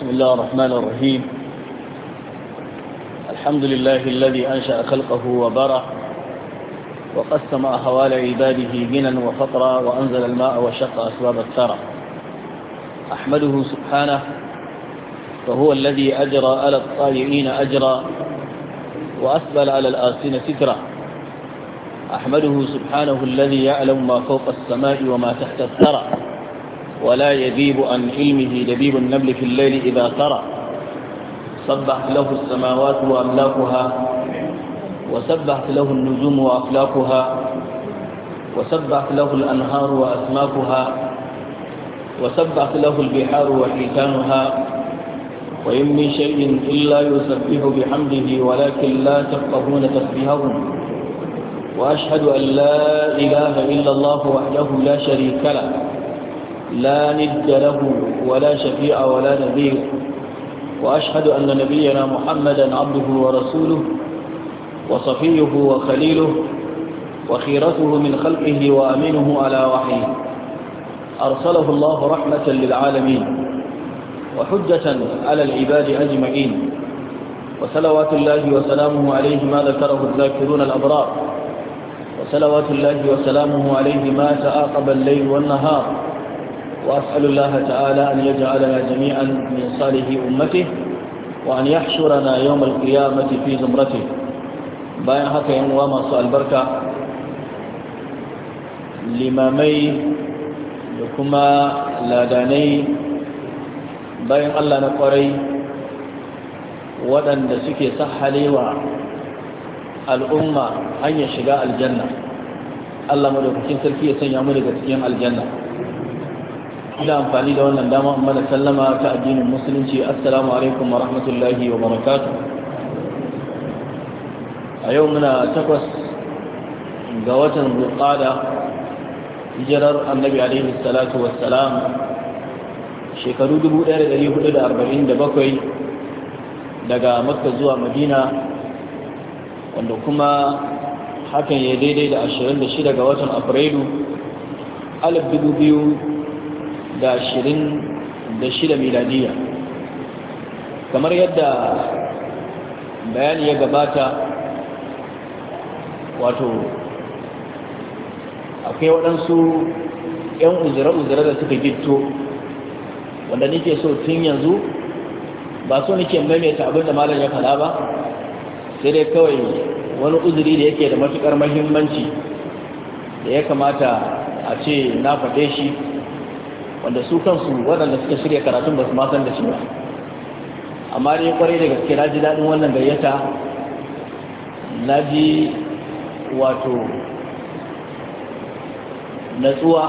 بسم الله الرحمن الرحيم الحمد لله الذي أنشأ خلقه وبرع وقسم أحوال عباده غنى وفطرا وأنزل الماء وشق أسباب الثرى أحمده سبحانه فهو الذي أجرى على الطائعين أجرا وأسبل على الآسين سترا أحمده سبحانه الذي يعلم ما فوق السماء وما تحت الثرى ولا يذيب عن علمه دبيب النبل في الليل إذا ترى سبح له السماوات وأملاكها وسبحت له النجوم وأفلاكها وسبحت له الأنهار وأسماكها وسبحت له البحار وحيتانها وإن من شيء إلا يسبح بحمده ولكن لا تفقهون تسبيحهم وأشهد أن لا إله إلا الله وحده لا شريك له لا ند له ولا شفيع ولا نذير وأشهد أن نبينا محمدا عبده ورسوله وصفيه وخليله وخيرته من خلقه وأمينه على وحيه أرسله الله رحمة للعالمين وحجة على العباد أجمعين وسلوات الله وسلامه عليه ما ذكره الذاكرون الأبرار وسلوات الله وسلامه عليه ما تآقب الليل والنهار وأسأل الله تعالى أن يجعلنا جميعا من صالح أمته وأن يحشرنا يوم القيامة في زمرته bayan haka yan uwa masu albarka limamai da kuma ladanai bayan allah na kwarai waɗanda suke sahalewa al'umma hanyar shiga aljanna allah madaukakin sarki ya sanya mu daga cikin aljanna Ana amfani da wannan dama amma mana sallama ta addinin musulunci assalamu alaikum wa rahmatullahi wa barakatu a yau muna takwas ga watan zulqada hijirar annabi alaihi salatu salam. shekaru 1447 daga makka zuwa madina wanda kuma hakan ya daidai da 26 ga watan afrilu 2000 da shirin da shida miladiya kamar yadda bayani ya gabata wato akwai waɗansu 'yan uzure-uzure da suka gitto wanda nike so tun yanzu ba so nike maimaita abinda malar malam ya faɗa ba sai dai kawai wani uzuri da yake da matuƙar mahimmanci da ya kamata a ce na faɗe shi wanda su kansu waɗanda suka shirya karatun ba su ma san da shi ba amma dai kwarai da gaske na ji daɗin wannan gayyata na ji wato natsuwa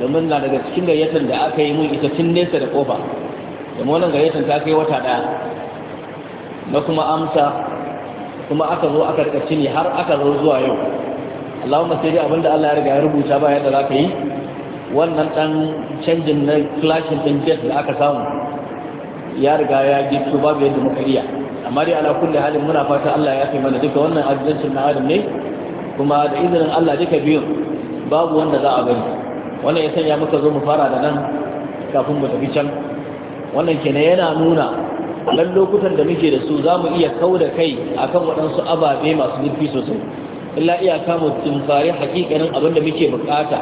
domin na daga cikin gayyatar da aka yi mun ita tun nesa da ƙofa domin wannan gayyatar ta kai wata ɗaya na kuma amsa kuma aka zo aka rika ne har aka zo zuwa yau Allahumma sai dai abinda Allah ya riga ya rubuta ba yadda za ka yi wannan dan canjin na flashin ɗin jet da aka samu ya riga ya gito babu yadda muka iya amma dai ala kulli halin muna fata Allah ya fi mana duka wannan azancin na adam ne kuma da izinin Allah duka biyu babu wanda za a bari wannan ya sanya muka zo mu fara da nan kafin mu tafi can wannan kenan yana nuna dan lokutan da muke da su za mu iya kau da kai akan waɗansu ababe masu zurfi sosai illa iya kama tsumfari hakikanin abinda muke bukata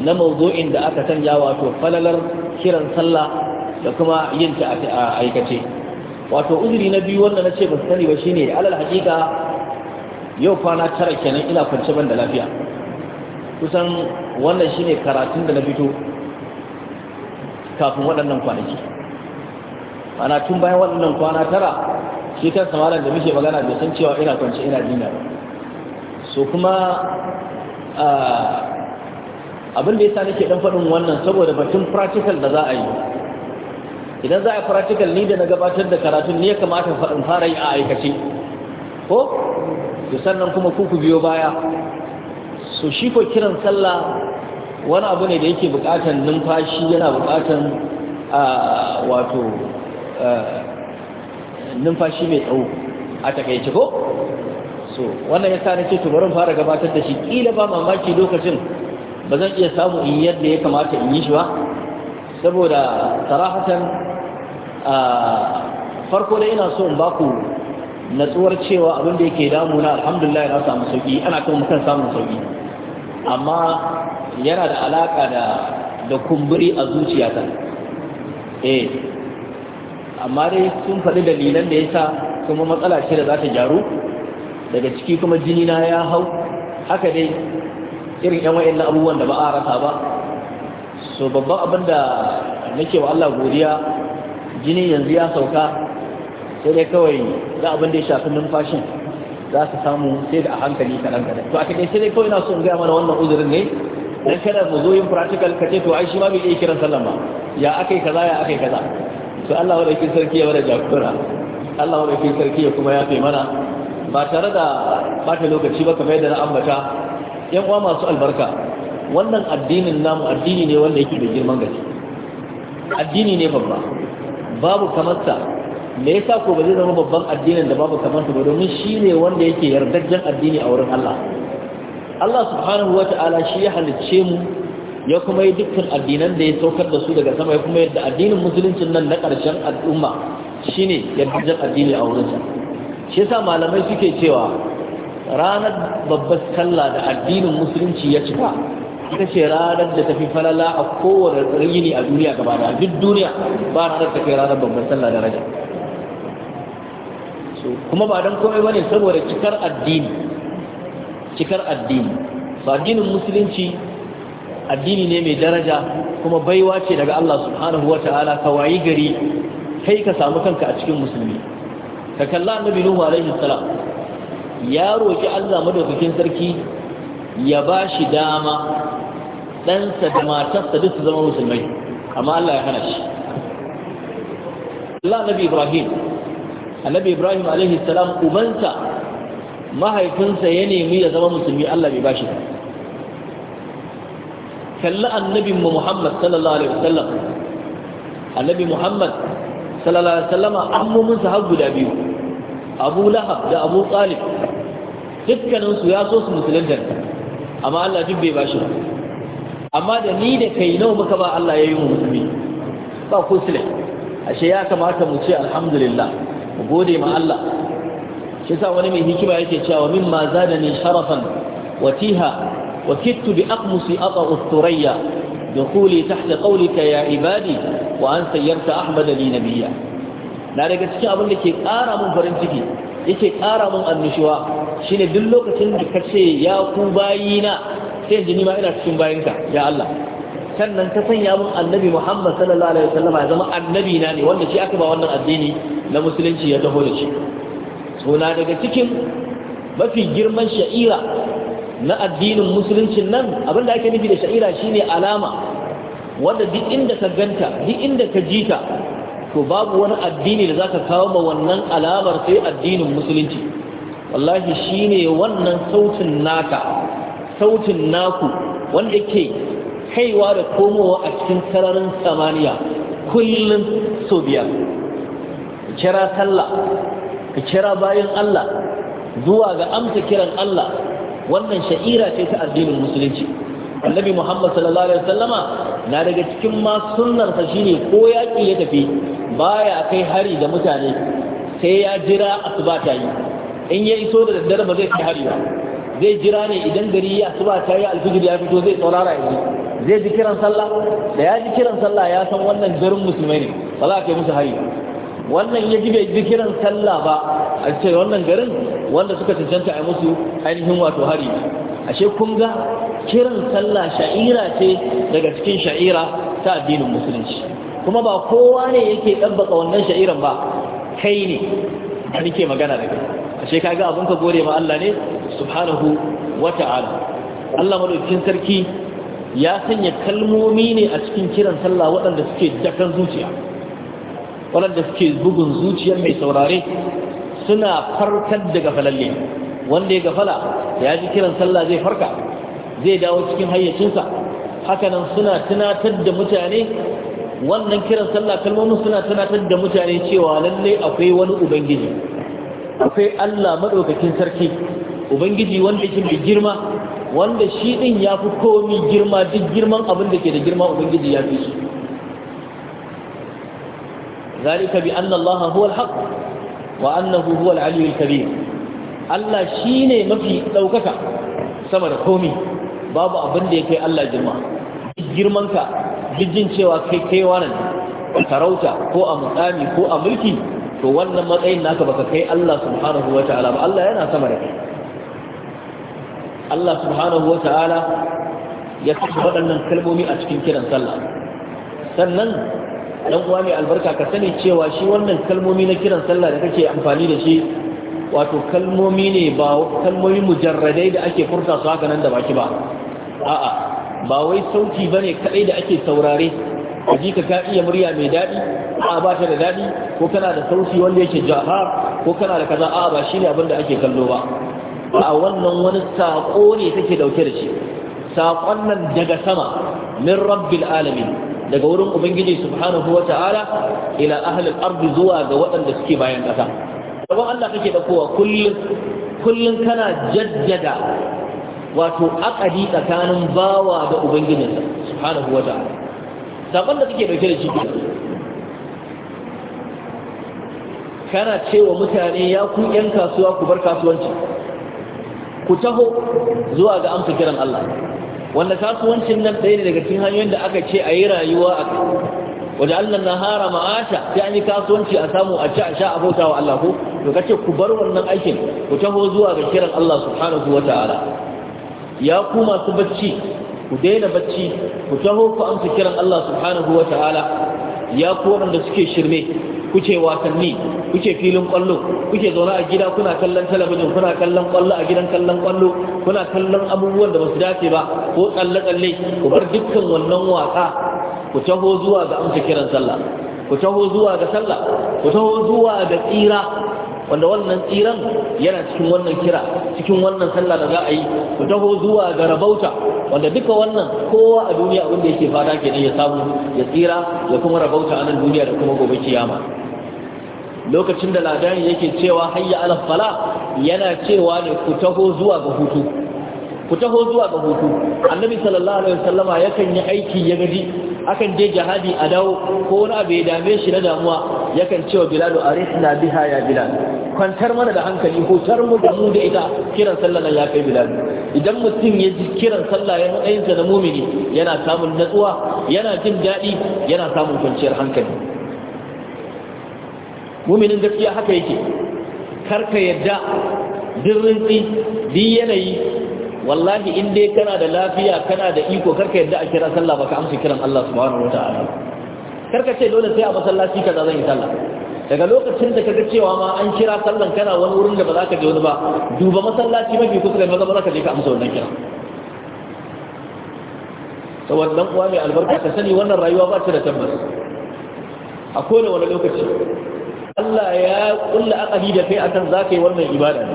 na mawdu'in da aka sanya wato falalar kiran sallah da kuma yin ta a aikace wato uzuri na biyu wanda na ce ba sani ba shine alal hakika yau kwana tara kenan ina kwance ban da lafiya kusan wannan shine karatun da na fito kafin waɗannan kwanaki ana tun bayan waɗannan kwana tara shi kan samalar da muke magana bai san cewa ina kwance ina jinya ba so kuma ah, abin da ya sani nake dan faɗin wannan saboda batun practical da za a yi idan za a yi practical ni da na gabatar da karatun ne ya kamata faɗin fara yi a aikace ko to sannan kuma ku ku biyo baya so shi ko kiran sallah wani abu ne da yake buƙatan numfashi yana buƙatan wato numfashi mai tsawo a takaice ko so wannan yasa nake to bari fara gabatar da shi kila ba mamaki lokacin ba zan iya samu in yadda ya kamata in yi shi ba saboda sarahatan a farko da ina so in ku natsuwar cewa abin da yake damuna alhamdulillah na samu sauki ana kuma mutan samun sauki amma yana da alaka da da kumburi a zuciyata eh amma dai sun faɗi dalilan da ya sa kuma matsala ce da za ta gyaru daga ciki kuma jini na ya hau haka dai irin yan na abubuwan da ba a rata ba so babban abin da nake wa Allah godiya jini yanzu ya sauka sai dai kawai za abin da ya shafi numfashin za su samu sai da a hankali kaɗan kaɗan to a kaɗai sai dai kawai na so in gaya mana wannan uzurin ne dan kada mu zo yin practical kace to ai shi ma bai iya kiran sallama. ya akai kaza ya akai kaza to Allah wa rakin sarki ya wada jakura Allah wa rakin sarki ya kuma ya fi mana ba tare da bata lokaci ba kamar yadda na ambata yan uwa masu albarka wannan addinin namu addini ne wanda yake da girman gaske addini ne babba babu kamarsa me yasa ko ba zai zama babban addinin da babu kamarsa ba domin shi ne wanda yake yardajjen addini a wurin Allah Allah subhanahu wata'ala shi ya halicce mu ya kuma yi dukkan addinan da ya saukar da su daga sama ya kuma yadda addinin musuluncin nan na ƙarshen al'umma shine yardajjen addini a wurinsa shi yasa malamai suke cewa ranar babbar sallah da addinin musulunci ya cika ita ce ranar da tafi falala a kowane yini a duniya gaba da duk duniya ba ranar ta kai ranar babbar sallah da raja kuma ba don komai bane saboda cikar addini cikar addini ba addinin musulunci addini ne mai daraja kuma baiwa ce daga Allah subhanahu wa ta'ala ka wayi gari kai ka samu kanka a cikin musulmi ka kalla annabi nuhu alaihi salam ya roƙi Allah madaukakin sarki ya ba shi dama ɗansa da matarsa duk su zama musulmai amma Allah ya hana shi Allah Nabi Ibrahim Annabi Ibrahim alaihi salam ubansa mahaifinsa ya nemi ya zama musulmi Allah bai bashi ba kalli annabin mu Muhammad sallallahu alaihi wasallam annabi Muhammad sallallahu alaihi wasallama an mu musu har guda biyu Abu Lahab da Abu Talib dukkaninsu ya so su musulunta amma Allah duk bai bashi ba amma da ni da kai nawa muka ba Allah ya yi mu musulmi ba ko ashe ya kamata mu ce alhamdulillah mu gode ma Allah shi sa wani mai hikima yake cewa min zadani sharafan wa tiha wa kittu bi aqmusi ata usturayya dukhuli tahta qawlika ya ibadi wa an sayyarta ahmad li nabiyya na daga cikin abin da ke ƙara mun farin ciki yake ƙara mun annishuwa shine duk lokacin da ka ce ya ku bayina sai ji ni ma ina cikin bayinka ya Allah sannan ka sanya mun annabi Muhammad sallallahu alaihi wasallam ya zama annabi na ne wanda shi aka ba wannan addini na musulunci ya taho da shi suna daga cikin mafi girman sha'ira na addinin musuluncin nan abinda ake nufi da sha'ira shine alama wanda duk inda ka ganta duk inda ka jita to babu wani addini da zaka kawo ma wannan alamar sai addinin musulunci wallahi ne wannan sautin naka sautin naku wanda ke kaiwa da komowa a cikin sararin samaniya kullum so biyar ka kira sallah ka kira bayan Allah zuwa ga amsa kiran Allah wannan sha'ira ce ta addinin musulunci annabi Muhammad sallallahu alaihi wasallama na daga cikin ma sunnar sa shine ko yaki ya tafi baya kai hari da mutane sai ya jira asuba ta yi in ya iso da daddare ba zai kai hari ba zai jira ne idan gari ya suba ta yi alfijir ya fito zai saurara yanzu zai ji kiran sallah da ya ji kiran sallah ya san wannan garin musulmai ne ba za a kai musu hari wannan ya ji bai ji kiran sallah ba a ce wannan garin wanda suka cancanta a musu ainihin wato hari ashe kun ga kiran sallah sha'ira ce daga cikin sha'ira ta addinin musulunci kuma ba kowa ne yake ɗabbaka wannan sha'iran ba kai ne da nake magana da kai ashe ga abun ka gode ma Allah ne subhanahu wata'ala Allah madaukakin sarki ya sanya kalmomi ne a cikin kiran sallah waɗanda suke dakan zuciya waɗanda suke bugun zuciyar mai saurare suna farkar daga falalle wanda ya gafala ya ji kiran sallah zai farka zai dawo cikin hayyacinsa hakanan suna tunatar da mutane wannan kiran sallah kalmomin suna tunatar da mutane cewa lallai akwai wani ubangiji akwai Allah madaukakin sarki ubangiji wanda shi mai girma wanda shi ɗin ya fi komi girma duk girman abin da ke da girma ubangiji ya fi shi zalika bi anna allaha huwa alhaq wa annahu huwa alaliyyul kabir Allah shine mafi daukaka sama da komi babu abin da yake Allah girma duk girmanka, ka duk jin cewa kai kaiwa nan sarauta ko a mutsami ko a mulki to wannan matsayin naka baka kai Allah subhanahu wa ta'ala ba Allah yana sama da kai Allah subhanahu wa ta'ala ya kashe waɗannan kalmomi a cikin kiran sallah sannan dan uwa mai albarka ka sani cewa shi wannan kalmomi na kiran sallah da kake amfani da shi wato kalmomi ne ba kalmomi mujarradai da ake furta su haka nan da baki ba a'a ba wai sauti bane kadai da ake saurare ji ka ka iya murya mai daɗi a ba ta da daɗi ko kana da sauti wanda yake jaha, ko kana da kaza a ba shi ne abin da ake kallo ba a wannan wani saƙo ne take ɗauke da shi saƙon nan daga sama min rabbil alamin daga wurin ubangiji subhanahu wa ta'ala ila ahlil ardi zuwa ga waɗanda suke bayan ƙasa gaban Allah kake ɗaukowa kullum kullum kana jaddada wato akadi tsakanin bawa da ubangijinsa subhanahu wa ta'ala saƙon da kake ɗauke da shi kana cewa mutane ya ku yan kasuwa ku bar kasuwanci ku taho zuwa ga amsa kiran Allah wanda kasuwancin nan ɗaya ne daga cikin hanyoyin da aka ce a yi rayuwa a kai wajen Allah na hara ma'asha sai an yi kasuwanci a samu a ci a sha abota wa Allah ko to kace ku bar wannan aikin ku taho zuwa ga kiran Allah subhanahu wata'ala ya ku masu bacci ku daina bacci ku taho ku amsa kiran Allah subhanahu wata'ala ya ku waɗanda suke shirme kuce wasanni kuce filin kwallo kuce zaune a gida kuna kallon talabijin kuna kallon kwallo a gidan kallon kwallo kuna kallon abubuwan da basu dace ba ko tsalle tsalle ku bar dukkan wannan wasa ku taho zuwa ga amsa kiran sallah ku taho zuwa ga sallah ku taho zuwa ga tsira wanda wannan tsiran yana cikin wannan kira cikin wannan sallah da za a yi ku taho zuwa ga rabauta wanda duka wannan kowa a duniya abinda yake fata kenan ya samu ya tsira ya kuma rabauta a nan duniya da kuma gobe kiyama lokacin da ladani yake cewa hayya ala fala yana cewa ne ku taho zuwa ga hutu ku taho zuwa ga hutu annabi sallallahu alaihi wasallama yakan yi aiki ya gaji akan je jihadi a dawo ko wani abu ya dame shi na damuwa yakan cewa bilal arisna biha ya bilal kwantar mana da hankali hutar mu da mu da ita kiran sallah ya kai bilal idan mutum ya ji kiran sallah ya matsayinsa na mumini yana samun natsuwa yana jin daɗi yana samun kwanciyar hankali muminin gaskiya haka yake karka yadda duk rintsi yanayi wallahi in dai kana da lafiya kana da iko karka yadda a kira sallah baka amsa kiran Allah subhanahu wataala karka ce dole sai a masallaci kaza zan yi sallah daga lokacin da kaga cewa ma an kira sallan kana wani wurin da ba za ka je wani ba duba masallaci mafi kusa da maza ba za ka je ka amsa wannan kira saboda dan uwa mai albarka ka sani wannan rayuwa ba ta da tabbas a kowane wani lokaci Allah ya kulla akali da kai akan za ka yi wannan ibada ne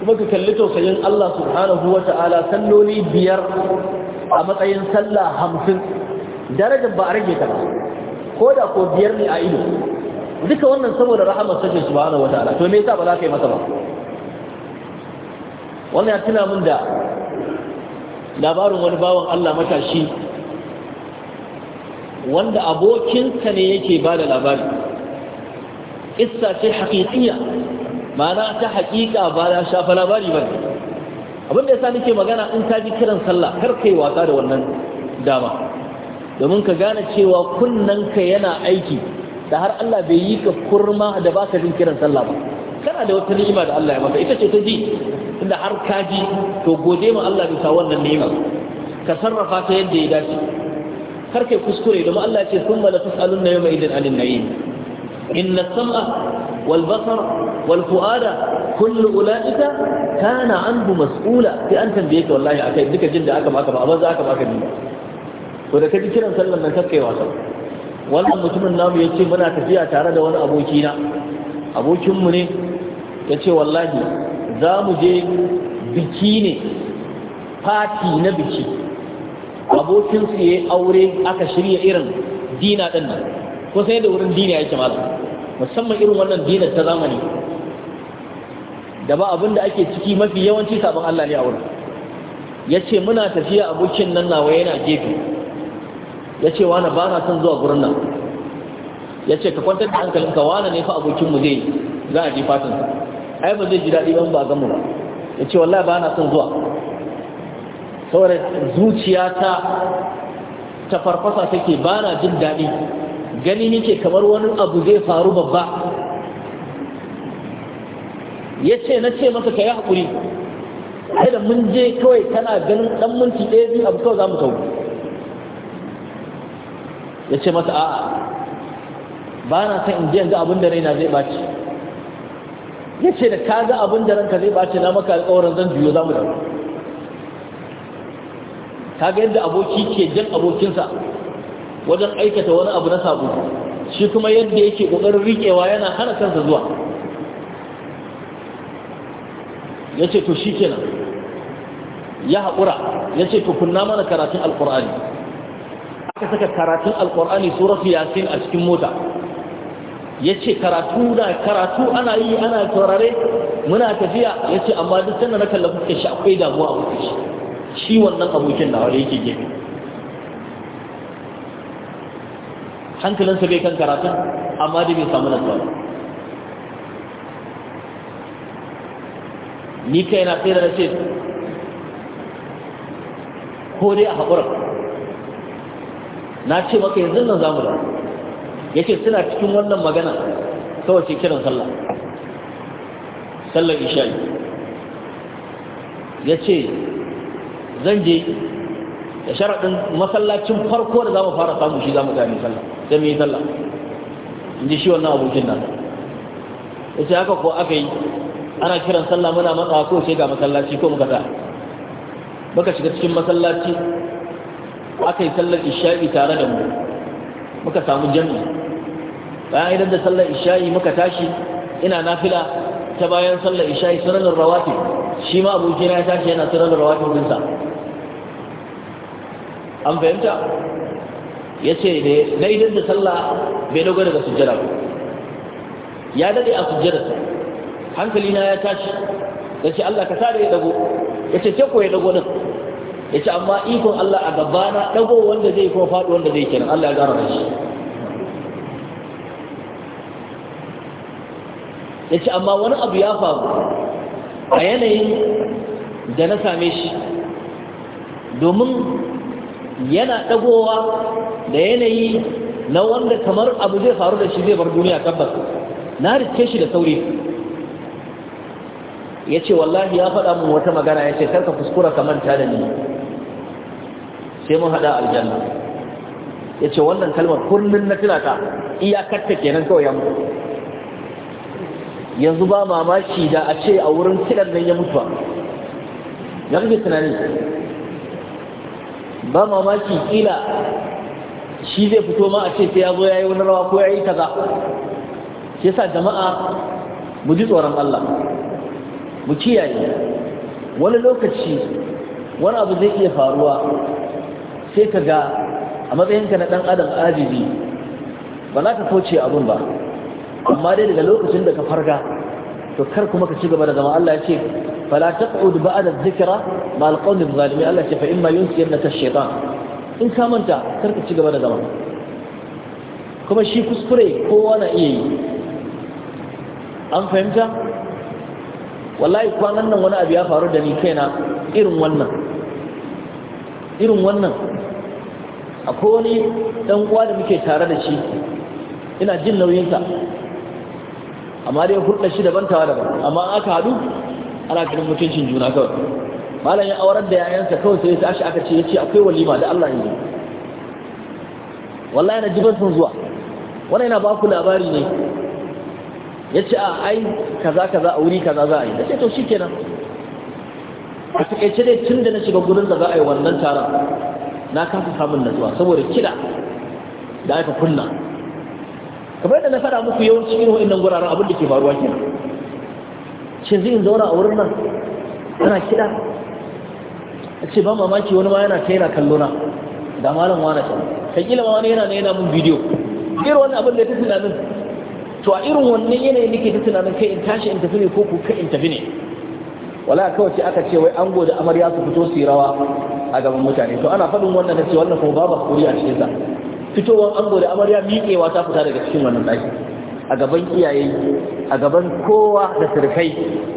kuma ka kalli tausayin Allah subhanahu wa ta'ala salloli biyar a matsayin sallah hamsin darajar ba a rage ta ba ko da ko biyar ne a ido duka wannan saboda rahamar sace subhanahu wa ta'ala to me yasa ba za ka yi masa ba wannan ya tuna min da labarin wani bawan Allah matashi wanda abokinsa ne yake ba da labari kissa ce haƙiƙiya ma'ana ta haƙiƙa ba na shafa labari ba abin da yasa nake magana in ka ji kiran sallah kar kai wasa da wannan dama domin ka gane cewa kunnanka yana aiki da har Allah bai yi ka kurma da baka jin kiran sallah ba kana da wata ni'ima da Allah ya maka ita ce ta ji tunda har ka ji to gode ma Allah bisa wannan ni'ima ka sarrafa ta yadda ya dace kar kai kuskure domin Allah ya ce summa la tus'alunna yawma idin anin na'im inna sam'a wal walfu'ada, wal fu'ada kullu ulaika kana anhu mas'ula sai an tambaye ka wallahi akai duka jin da aka maka ba amma za aka maka ni to da kiran sallan nan kakkai wasa wannan mutumin namu yace muna tafiya tare da wani abokina. Abokinmu abokin mu ne yace wallahi za mu je biki ne fati na biki abokin su yayi aure aka shirya irin dina ɗinnan. ko sai da wurin dini yake masu musamman irin wannan dinar ta zamani da ba abin da ake ciki mafi yawanci sabon Allah ne a wurin ya ce muna tafiya abokin nan nawa yana gefe ya ce wani ba na son zuwa gurin nan ya ce ka kwantar da hankalinka wani ne fa abokinmu zai za a ji fatan ai ba zai ji daɗi ban ba gamu ba yace wallahi ba na son zuwa saboda zuciya ta ta farfasa take ba na jin daɗi gani nike kamar wani abu zai faru babba ya ce na ce masa ka yi haƙuri sai da mun je kawai tana ganin ɗan minti ɗaya biyu abu kawai za mu sauku ya ce masa a'a ba na san in je yanzu abin da raina zai ɓaci ya ce da ka ga abin da ranka zai ɓaci na maka alƙawarin zan juyo za mu dawo ka ga yadda aboki ke jan abokinsa wajen aikata wani abu na sabo shi kuma yadda yake kokarin rikewa yana hana kansa zuwa yace to shikenan ya haƙura yace to kunna mana karatun alqur'ani aka saka karatun alqur'ani suratu yasin a cikin mota yace karatu da karatu ana yi ana taurare muna tafiya yace amma duk sanda na kalla fuskar shi akwai damuwa a fuskar shi shi wannan abokin nawa da yake gefe hankalinsa bai kan karatun amma da bai samu nasuwa ni kai na tsira da ce ko dai a haƙura na ce maka yanzu nan zamu da ya ce suna cikin wannan magana kawai ce kiran sallah sallar isha'i ya ce zan je da sharaɗin masallacin farko da za mu fara samu shi za mu gane sallah sai mu yi sallah in ji shi wannan abokin nan ya ce haka ko aka yi ana kiran sallah muna matsawa ko sai ga masallaci ko muka sa muka shiga cikin masallaci aka yi sallar isha'i tare da mu muka samu jami'i bayan idan da sallar isha'i muka tashi ina nafila ta bayan sallar isha'i suranar rawatib shi ma abokina ya tashi yana suranar rawatib an fahimta ya ce ne na idan da sallah bai dogara ga ba ya dade a sujjara hankali na ya tashi ya ce Allah ka sa da ya dago ya ce ko ya dago nan ya ce amma ikon Allah a gabana dago wanda zai kuma faɗi wanda zai kenan Allah ya gara da shi ya ce amma wani abu ya faru a yanayin da na same shi domin yana dagowa da yanayi na wanda kamar abu zai faru da shi zai bar duniya tabbas na rike shi da sauri ya ce wallahi ya faɗa mun wata magana ya ce karka fuskura ka manta da ni sai mun haɗa aljanna ya ce wannan kalmar kullum na tunata iyakarta kenan kawai ya mutu yanzu ba mamaki da a ce a wurin kiɗan nan ya mutuwa ya yanzu tunani ba mamaki kila shi zai fito ma a ce sai ya zo ya yi wani rawa ko ya yi kaza shi yasa jama'a mu ji tsoron Allah mu kiyaye wani lokaci wani abu zai iya faruwa sai ka ga a matsayinka na ɗan adam ajibi ba za ka kauce abin ba amma dai daga lokacin da ka farga to kar kuma ka ci gaba da zama Allah ya ce فلا تقعد بعد الذكرى مع القوم الظالمين الله يقول فإما ينسينك الشيطان in ka manta karka ci gaba da zama kuma shi kuskure kowa na iya yi an fahimta wallahi kwanan nan wani abu ya faru da ni kaina irin wannan irin wannan wani dan uwa da muke tare da shi ina jin nauyinsa amma dai hulɗa shi daban tawa daban amma aka haɗu ana ganin mutuncin juna kawai malam ya aurar da yayansa kawai sai ya tashi aka ce ya ce akwai walima da Allah yanzu wallahi na jiban sun zuwa wani yana ba ku labari ne ya ce a ai kaza kaza a wuri kaza za a yi da ce to shi kenan a takaice dai tun da na shiga gurin da za a yi wannan taron na kasa samun natsuwa saboda kiɗa da aka kunna kamar yadda na faɗa muku yawanci irin wa'annan guraren abin da ke faruwa kenan Shin zai zaura a wurin nan yana kiɗa a ce ba mamaki wani ma yana kai na kallona da malam wani can ka kila ma wani yana na yana mun bidiyo irin wani abin da ya ta tunanin to a irin wani yanayin nake ta tunanin kai in tashi in tafi ne ko ku kai in tafi ne wala kawai ce aka ce wai an gode amarya su fito su rawa a gaban mutane to ana faɗin wannan ce wannan ko babu hakuri a cikin sa fitowar an gode amarya miƙewa ta fita daga cikin wannan ɗaki a gaban iyaye a gaban kowa da surfai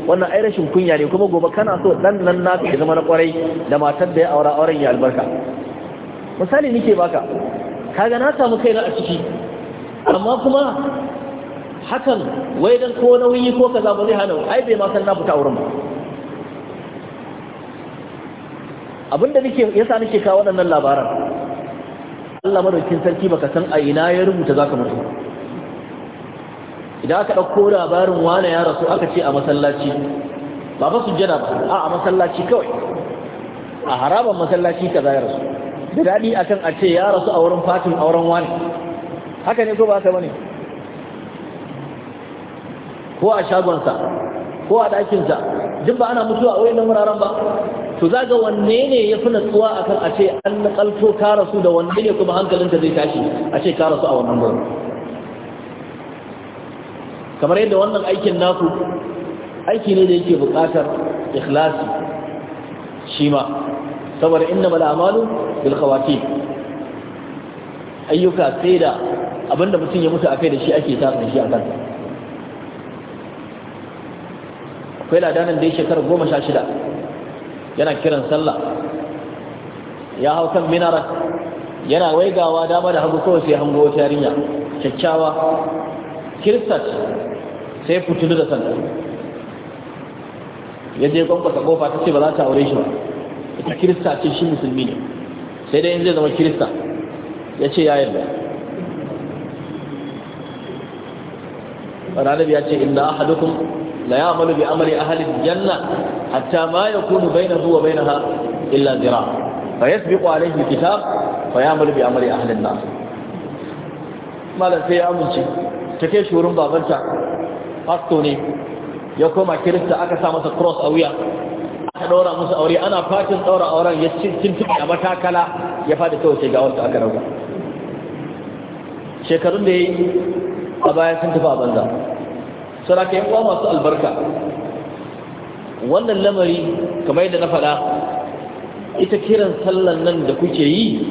wannan ai rashin kunya ne kuma gobe kana so dan nan na ka zama na kwarai da matar da ya aura auren ya albarka misali nike baka kaga na samu kaina a ciki amma kuma hakan wai dan ko nauyi ko kaza ba zai hana ai bai ma san na fita auren ba abinda nake yasa nake kawo waɗannan labaran Allah madaukin sarki baka san a ina ya rubuta zaka mutu idan aka ɗauko labarin wane ya rasu aka ce a masallaci ba ba su jana ba a masallaci kawai a haraban masallaci ka za ya rasu da daɗi akan a ce ya rasu a wurin fatin auren wane? haka ne ko ba haka bane ko a shagonsa ko a ɗakinsa duk ba ana mutuwa a wayannan wuraren ba to za ga wanne ne ya fi natsuwa akan a ce an nakalto ka rasu da wanne ne kuma hankalinka zai tashi a ce ka rasu a wannan gurin kamar yadda wannan aikin naku aiki ne da yake buƙatar ikhlasi shi ma saboda inna bal amalu bil khawatim ayyuka sai da abinda mutum ya mutu a kai da shi ake tasa shi a kansa akwai ladanan da ya shekara goma sha shida yana kiran sallah ya hau kan minarar yana waigawa dama da hagu kawai sai hango wata yarinya kyakkyawa kirista ce sai fitilu da sanda ya je kwankwasa kofa ta ce ba za ta aure shi ba ita kirista ce shi musulmi ne sai dai in zai zama kirista ya ce ya yarda ranabi ya ce inda ahadukum la ya'malu bi amri ahli janna hatta ma yakunu bainahu wa bainaha illa zira fa yasbiqu alayhi kitab fa ya'malu bi amri ahli an-nar malan sai ya amince take shi wurin babanta pasto ne ya koma kirista aka sa masa cross a wuya aka daura musu aure ana fatin daura auren ya cintuɓe a matakala ya faɗi kawai sai ga wanda aka rauka shekarun da ya yi a baya sun tafi a banza ka yi uwa masu albarka wannan lamari kamar yadda na faɗa ita kiran sallan nan da kuke yi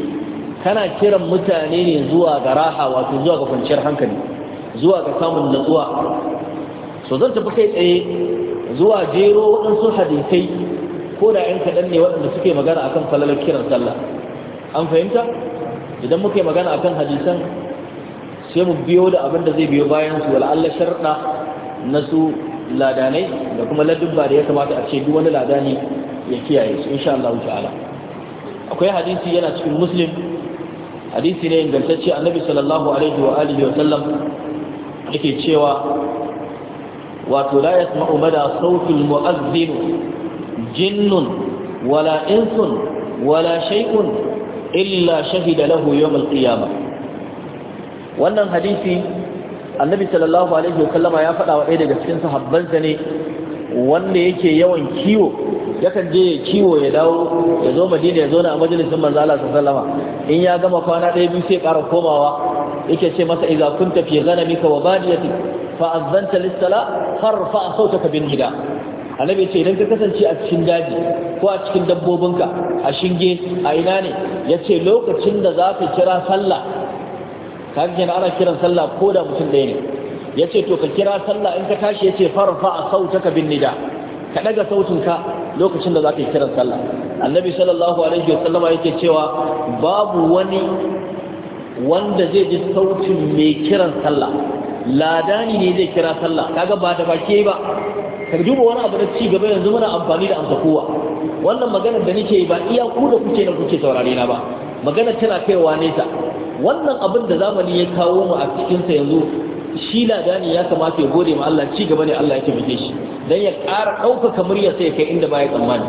kana kiran mutane ne zuwa ga raha wato zuwa ga kwanciyar hankali zuwa ga samun natsuwa so zan tafi kai tsaye zuwa jero waɗansu hadisai ko da ‘yan kaɗan ne waɗanda suke magana akan falalar kiran sallah an fahimta idan muka yi magana akan hadisan sai mu biyo da abin da zai biyo bayan su wal'alla sharɗa na su ladanai da kuma ladubba da ya kamata a ce duk wani ladani ya kiyaye su insha Allah ta'ala akwai hadisi yana cikin muslim hadisi ne ingantacce annabi sallallahu alaihi wa alihi wa sallam yake cewa wato la yasma'u mada sautul jinnun wala insun wala shay'un illa shahida lahu yawm al-qiyamah wannan hadisi annabi sallallahu alaihi wasallama ya faɗa wa ɗaya daga cikin sahabbansa ne wanda yake yawan kiwo yakan je ya kiwo ya dawo ya zo madina ya zo na a majalisin manzo Allah sallallahu alaihi in ya gama kwana ɗaya biyu sai ƙara komawa yake ce masa idza kunta fi ghanamika wa badiyatik fa azanta lis-sala farfa sautaka bin nida annabi ce idan ka kasance a cikin daji ko a cikin dabbobinka a shinge a ina ne yace lokacin da za ka kira sallah ka kaga kenan ana kiran sallah ko da mutum ɗaya ne yace to ka kira sallah in ka tashi yace farfa sautaka bin nida ka daga sautinka lokacin da za ka yi kiran sallah annabi sallallahu alaihi wa sallama yake cewa babu wani wanda zai ji sautin mai kiran sallah ladani ne zai kira sallah kaga ba da baki ba ka duba wani abu da ci gaba yanzu muna amfani da amsa kowa wannan maganar da nake ba iya ku da kuke da kuke saurare na ba maganar tana kaiwa nesa wannan abin da zamani ya kawo mu a cikin sa yanzu shi ladani ya kamata ya gode ma Allah ci gaba ne Allah ya taimake shi dan ya ƙara ɗaukaka ya sai kai inda baya tsammani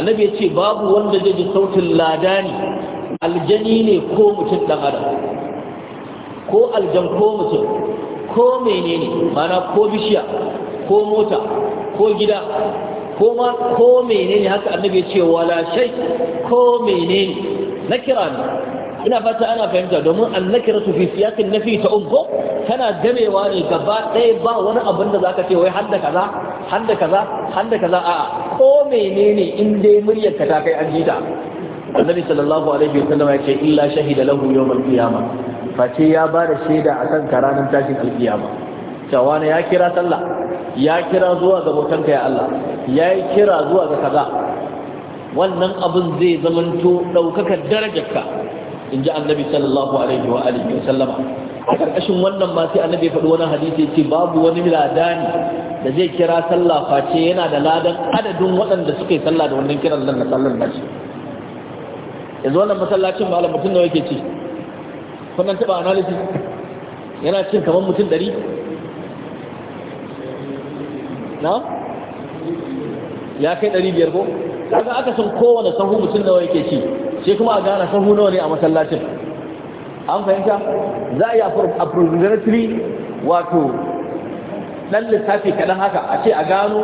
annabi ya ce babu wanda zai ji sautin ladani aljani ne ko mutum ɗan adam ko aljan ko mutum ko menene mana ko bishiya ko mota ko gida ko ma ko menene haka annabi ya ce wala shai ko menene na kira ne ina fata ana fahimta domin annakiratu fi na nafi ta umko tana gamewa ne gaba ɗaya ba wani abin da zaka ce wai hadda kaza hadda kaza hadda kaza a'a ko menene in dai muryar ka ta kai an jita annabi sallallahu alaihi wasallam ya ce illa shahida lahu yawmal qiyama face ya ba da shaida akan karanan tashin alkiyama cewa ya kira sallah ya kira zuwa ga botanka ya Allah ya yi kira zuwa ga kaza wannan abun zai zamanto ɗaukakar darajarka in ji annabi sallallahu alaihi wa alihi wa sallama a ƙarƙashin wannan ma sai annabi ya faɗi wani hadisi ce babu wani ladani da zai kira sallah face yana da ladan adadin waɗanda suka yi sallah da wannan kiran nan na sallar nashi yanzu wannan masallacin malam mutum da yake ci kunan taba analysis yana cin kamar mutum 100 na ya kai 500 ko kaga aka san kowane sahu mutum da yake ci sai kuma a gane sahu nawa ne a masallacin an fahimta za a yi a approximately wato dan lissafi kaɗan haka a ce a gano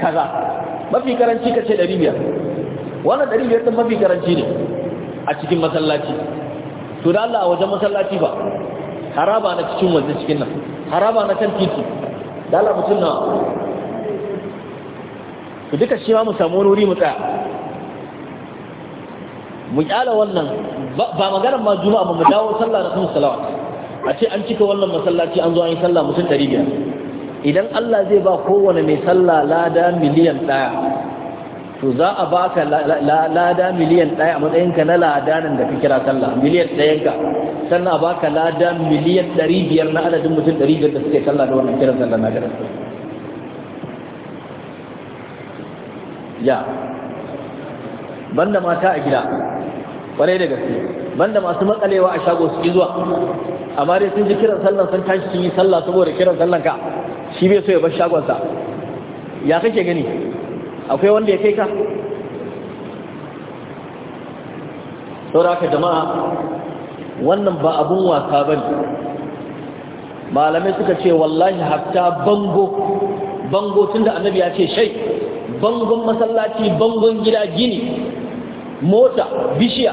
kaza mafi karanci ka ce biyar. wannan ɗari biyar ɗin mafi karanci ne a cikin masallaci to da Allah a wajen masallaci ba haraba na cikin waje cikin nan haraba na kan titi da Allah mutum na to duka shi ma mu samu wuri mu tsaya mu kyala wannan ba maganar ma juma'a ba mu dawo sallah da kuma salawat a ce an cika wannan masallaci an zo an yi sallah mutum ɗari biyar idan Allah zai ba kowane mai sallah lada miliyan ɗaya to za a baka lada miliyan ɗaya a matsayinka na ladanin da ka kira sallah miliyan ɗayanka sannan a baka lada miliyan ɗari biyar na adadin mutum ɗari biyar da suke sallah da wannan kiran sallah na gara ya banda mata a gida kwarai da gaske banda masu matsalewa a shago su zuwa amma dai sun ji kiran sallah sun tashi sun yi sallah saboda kiran sallan ka shi bai so ya bar shagonsa ya kake gani akwai wanda ya kai ka sauraka jama'a wannan ba abun wasa ba ne malamai suka ce wallahi hatta bango bango tun da annabi ya ce shai bangon masallaci bangon gida gini mota bishiya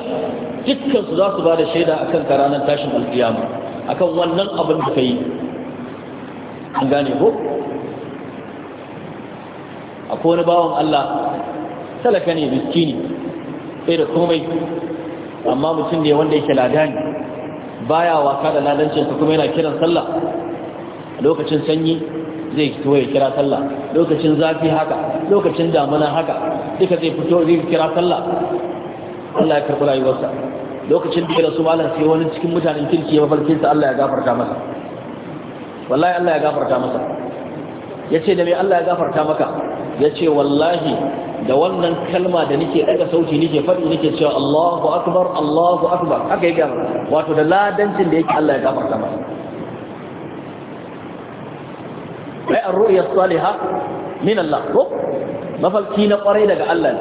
dukkansu za su ba da shaida a kan ranar tashin alkiyama a wannan abin da ka yi an gane ko akwai wani bawan Allah talaka ne miskini sai da komai amma mutum ne wanda yake ladani baya waka da sa kuma yana kiran sallah lokacin sanyi zai fito ya kira sallah lokacin zafi haka lokacin damuna haka duka zai fito zai kira sallah Allah ya karɓi rayuwarsa lokacin da su malam sai wani cikin mutanen kirki ya mafarkin sa Allah ya gafarta masa wallahi Allah ya gafarta masa yace da me Allah ya gafarta maka ya ce wallahi da wannan kalma da nike daga sauti nake faɗi nake cewa Allahu akbar Allahu akbar haka yake wato da ladancin da yake Allah ya gafarta masa ai ar-ru'ya as-salihah min Allah ko mafarki na kwarai daga Allah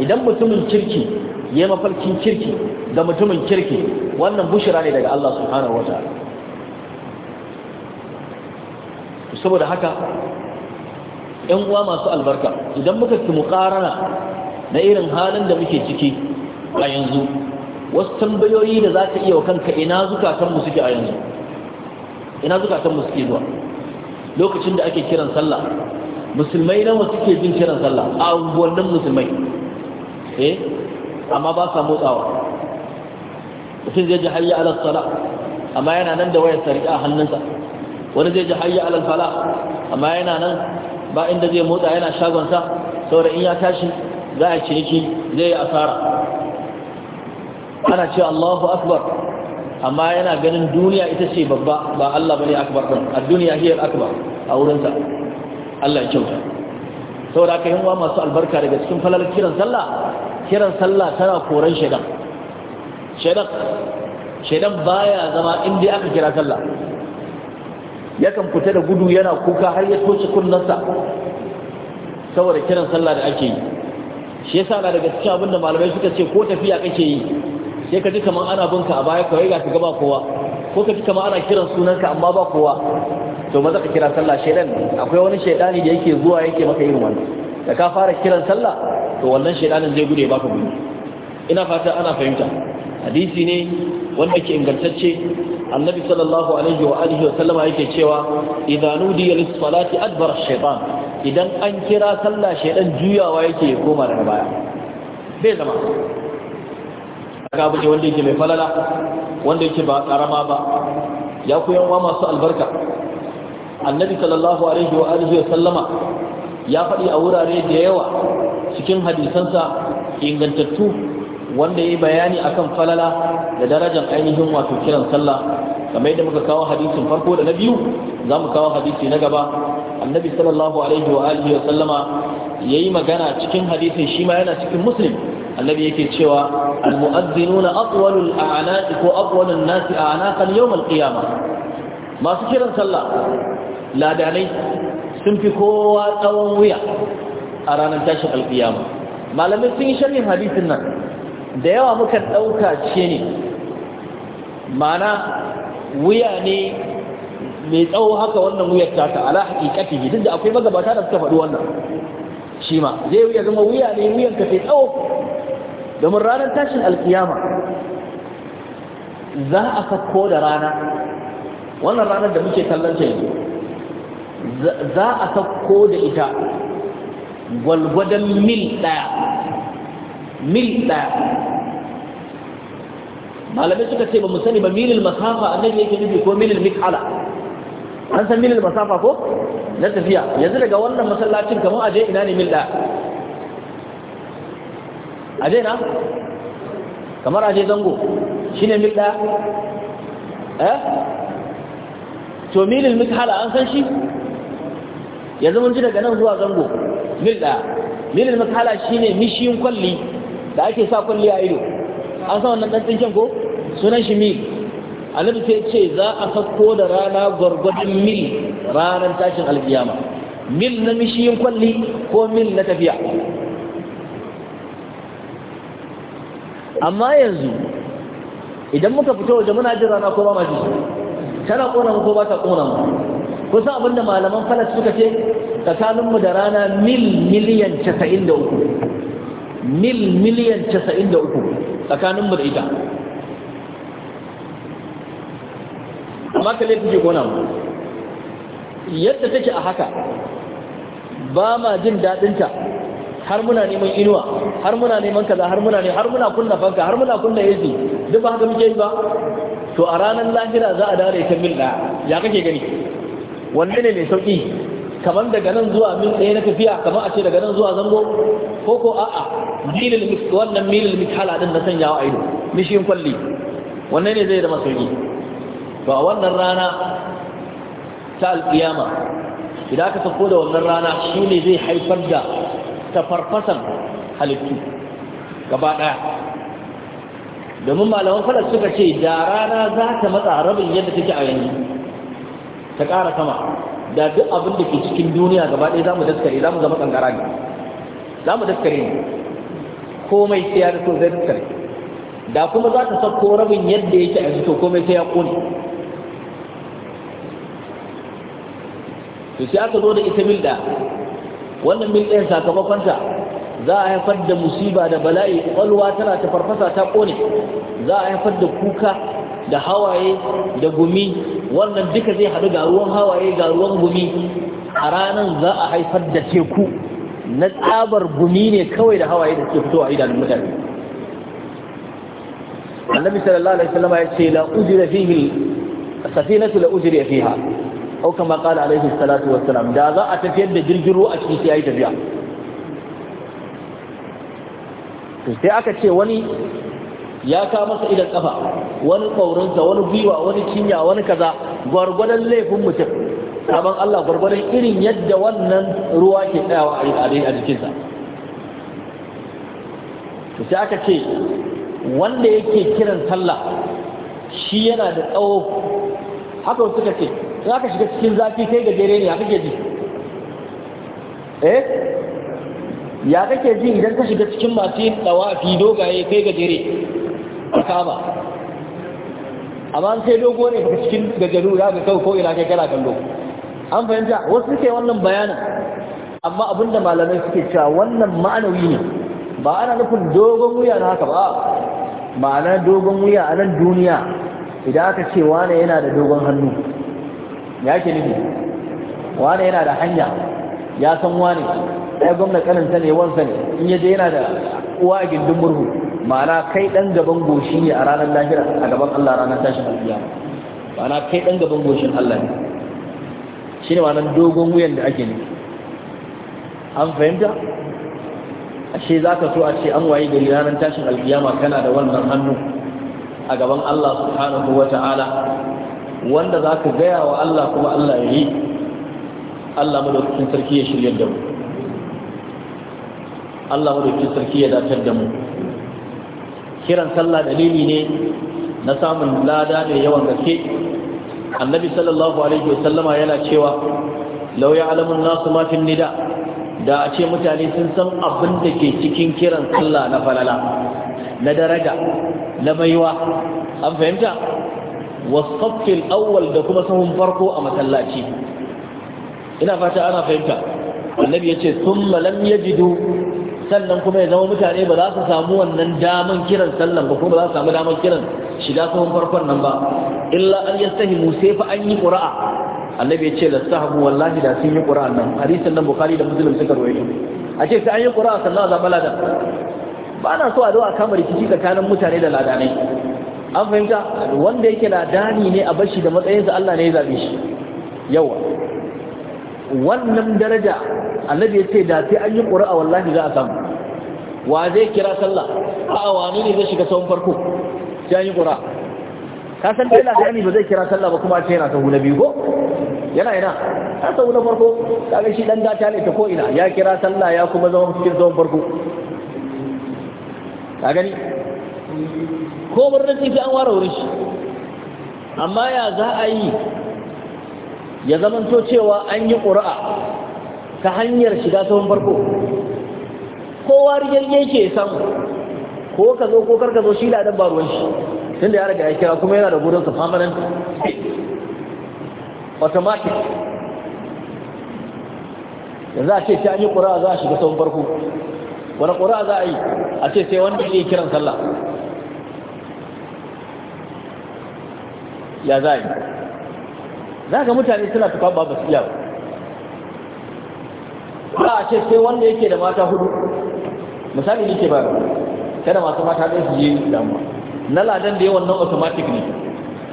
idan mutumin kirki yayi mafarkin kirki da mutumin kirki wannan bushira ne daga Allah subhanahu wataala saboda haka yan uwa masu albarka idan muka mu mukarana na irin halin da muke ciki a yanzu wasu tambayoyi da za ka iya wa kanka ina zukatanmu suke a yanzu ina zukatanmu suke zuwa lokacin da ake kiran sallah musulmai nawa suke jin kiran sallah a unguwannin musulmai eh amma ba sa motsawa mutum zai ji hayya ala sala amma yana nan da wayar sarki a hannunsa wani zai ji hayya ala sala amma yana nan ba inda zai motsa yana shagonsa saboda in ya tashi za a ciniki zai yi asara ana ce Allahu akbar amma yana ganin duniya ita ce babba ba Allah bane akbar din A duniya hiya akbar a wurinsa Allah ya kyauta saboda kai yan masu albarka daga cikin falalar kiran sallah kiran sallah tana koran shaidan. Shaidan baya zama inda aka kira sallah yakan fita da gudu yana kuka har ya toci kunnensa saboda kiran sallah da ake yi shi yasa na daga cikin abinda malamai suka ce ko tafiya kake yi sai ka ji kamar ana binka a baya kawai ga ka ba kowa ko ka ji kamar ana kiran sunanka amma ba kowa to maza ka kira sallah shedan akwai wani shedani da yake zuwa yake maka irin wannan da ka fara kiran sallah to wannan shedanin zai gude baka gudu ina fata ana fahimta hadisi ne wanda ke ingantacce annabi sallallahu alaihi wa alihi wa sallama yake cewa idza nudiya lis salati adbara shaytan idan an kira sallah shaydan juyawa yake ya koma daga baya bai zama kaga abu wanda yake mai falala wanda yake ba karama ba ya ku yan masu albarka annabi sallallahu alaihi wa alihi wa sallama ya faɗi a wurare da yawa cikin hadisansa ingantattu wanda ya yi bayani akan falala da darajar ainihin wato kiran sallah kamar yadda muka kawo hadisin farko da na biyu za mu kawo hadisi na gaba annabi sallallahu alaihi wa alihi wa sallama yayi magana cikin hadisin shi ma yana cikin muslim annabi yake cewa almu'adhdhinuna atwalul a'naqi ko atwalun nasi a'naqan yawm alqiyama masu kiran sallah ladanai sun fi kowa tsawon wuya a ranar tashin alƙiyama malamai sun yi sharhin hadisin nan da yawa muka ɗauka ce ne mana wuya ne mai tsawo haka wannan wuyar ta ta ala haƙiƙati duk da akwai magabata da suka faɗi wannan shi ma zai wuya zama wuya ne wuyan ka sai tsawo domin ranar tashin alkiyama za a sakko da rana wannan ranar da muke kallon ta yanzu za a sakko da ita gwalgwadon mil ɗaya mil ɗaya malamai suka ce ba mu sani ba milil masafa annabi yake nufi ko milil mik'ala an san milil masafa ko na tafiya yanzu daga wannan masallacin kamar aje ina ne mil ɗaya aje na kamar aje zango shi ne mil ɗaya eh to milil mik'ala an san shi yanzu mun ji daga nan zuwa zango mil ɗaya milil mik'ala shi ne mishiyin kwalli da ake sa kulli a ido an sa wannan dan tsinken ko sunan shi mil annabi sai ce za a sako da rana gwargwadon mil ranar tashin alkiyama mil na mishiyin kwalli ko mil na tafiya amma yanzu idan muka fito waje muna jin rana ko ba ma ji tana kona mu ko ba ta kona mu kusa abinda malaman falas suka ce tsakaninmu da rana mil miliyan 93 mil miliyan casa'in 93 tsakanin mu da ita amma ka laifin gona mu yadda take a haka ba ma jin daɗinta har muna neman inuwa har muna neman kaza har muna ne har muna kunna fanka har muna kunna AC duk ba haka muke yi ba to a ranar lahira za a dare ta mil ɗaya ya kake gani wanne ne mai sauƙi kamar daga nan zuwa min ɗaya na tafiya kamar a ce daga nan zuwa zango ko ko a'a milil wannan milil mithala din na sanyawa a ido mishin kwalli wannan ne zai da masauki ba wannan rana ta alƙiyama idan aka sako da wannan rana shi ne zai haifar da tafarfasan halittu gaba ɗaya domin malaman falas suka ce da rana za ta matsa rabin yadda take a yanzu ta ƙara sama da duk abin da ke cikin duniya gaba ɗaya za mu daskare za mu zama kankara ne za mu daskare ne komai sai ya rito zai daskare da kuma za ta sako rabin yadda yake a fito komai sai ya ƙone to sai aka zo da ita mil ɗaya. wannan mil ɗayan sakamakonta za a haifar da musiba da bala'i ƙwaƙwalwa tana ta farfasa ta ƙone za a haifar da kuka da hawaye da gumi wannan duka zai haɗu garuwan hawaye garuwan gumi a ranar za a haifar da teku na tsabar gumi ne kawai da hawaye da suke fitowa idanun mutane annabi sallallahu alaihi wasallam ya ce la ujira fihi safinatu la ujira fiha au kama qala alaihi salatu wassalam da za a tafiyar da jirgin ruwa a cikin sai yayi tafiya to sai aka ce wani ya ka masa idan kafa wani ƙaurinsa wani gwiwa wani cinya wani kaza gwargwadon laifin mutum sabon Allah gwargwadon irin yadda wannan ruwa ke tsayawa a jikinsa to sai aka ce wanda yake kiran sallah shi yana da tsawo haka suka ce in aka shiga cikin zafi kai gajere ne a kake ji eh ya kake ji idan ka shiga cikin masu yin ɗawafi dogaye kai gajere a kama amma sai dogo ne ga cikin gajeru ya ga kawo ko'ina kai kana kallo an fahimta wasu suke wannan bayanin amma abinda malamai suke cewa wannan ma'anawi ne ba ana nufin dogon wuya na haka ba ma'ana dogon wuya a nan duniya idan aka ce wane yana da dogon hannu ya ke nufi wane yana da hanya ya san wane ɗaya gwamna kaninsa ne wansa ne in yaje yana da uwa a gindin murhu ma'ana kai ɗan gaban goshi ne a ranar lahira a gaban Allah ranar tashin alƙiya ma'ana kai ɗan gaban goshin Allah ne shi ne wannan dogon wuyan da ake ne an fahimta ashe za ka so a ce an waye gari ranar tashin alƙiyama kana da wannan hannu a gaban Allah subhanahu wa ta'ala wanda za ka gaya wa Allah kuma Allah ya yi Allah madaukakin sarki ya shirya da mu Allah madaukin sarki ya datar da mu kiran sallah dalili ne na samun lada da yawan gaske annabi sallallahu alaihi wasallama yana cewa law ya'lamun nasu ma fi nida da a ce mutane sun san abin da ke cikin kiran sallah na falala na daraja na maiwa an fahimta wasaffin awwal da kuma sahun farko a masallaci ina fata ana fahimta annabi yace thumma lam yajidu sannan kuma ya zama mutane ba za su samu wannan daman kiran sallan ba kuma ba za su samu daman kiran shiga kuma farkon nan ba illa an yastahimu sai fa an yi qura'a annabi ya ce lastahabu wallahi da sun yi qura'a nan hadisin nan bukhari da muslim suka rawaito a ce sai an yi qura'a sannan za balada ba na so a zo a kama rikici tsakanin mutane da ladanai an fahimta wanda yake ladani ne a bashi da matsayinsa Allah ne ya zabe shi yawa wannan daraja annabi ya ce da sai an yi ƙura'a wallahi za a samu wa zai kira sallah a wani ne zai shiga tsawon farko sai yi ƙura ka san dai lagani ba zai kira sallah ba kuma ce yana sahu na biyu ko yana yana ta sahu na farko ga shi dan gata ne ta ko'ina ya kira sallah ya kuma zama cikin tsawon farko ta gani ko birnin titi an ware wuri shi amma ya za a yi ya zamanto cewa an yi ƙura ta hanyar shiga tsawon farko kowa rigar yake samu ko ka zo ko karka zo shi da ba ruwan shi tunda ya riga ya kira kuma yana da gurin sa permanent automatic za a ce ta yi ƙura za a shiga sauran farko wani ƙura za a yi a ce sai wanda ke kiran sallah ya za yi za ka mutane suna tufa ba su iya ba ba a ce sai wanda yake da mata hudu misali yake ba kada masu mata ɗaya su je damuwa na ladan da yawan nan automatic ne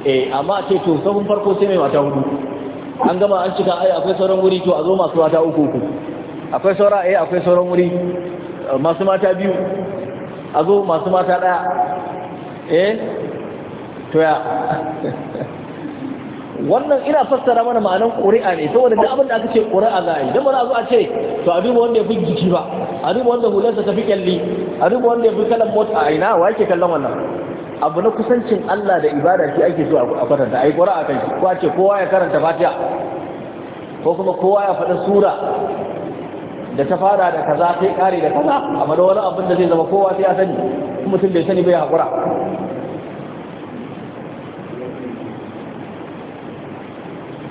eh amma a ce to sahun farko sai mai mata hudu an gama an cika ai akwai sauran wuri to a zo masu mata uku uku akwai saura eh akwai sauran wuri masu mata biyu a zo masu mata ɗaya eh to ya wannan ina fassara mana ma'anan ƙuri'a ne saboda duk abin da aka ce ƙuri'a za a yi don ba za a ce to a wanda ya fi jiki ba a wanda hulansa ta fi kyalli a wanda ya fi kalan mota a ina wa yake kallon wannan abu na kusancin Allah da ibada shi ake so a kwatanta a yi ƙuri'a kai ko a ce kowa ya karanta fatiha ko kuma kowa ya faɗi sura da ta fara da kaza sai kare da kaza amma wani abin da zai zama kowa sai ya sani mutum bai sani bai haƙura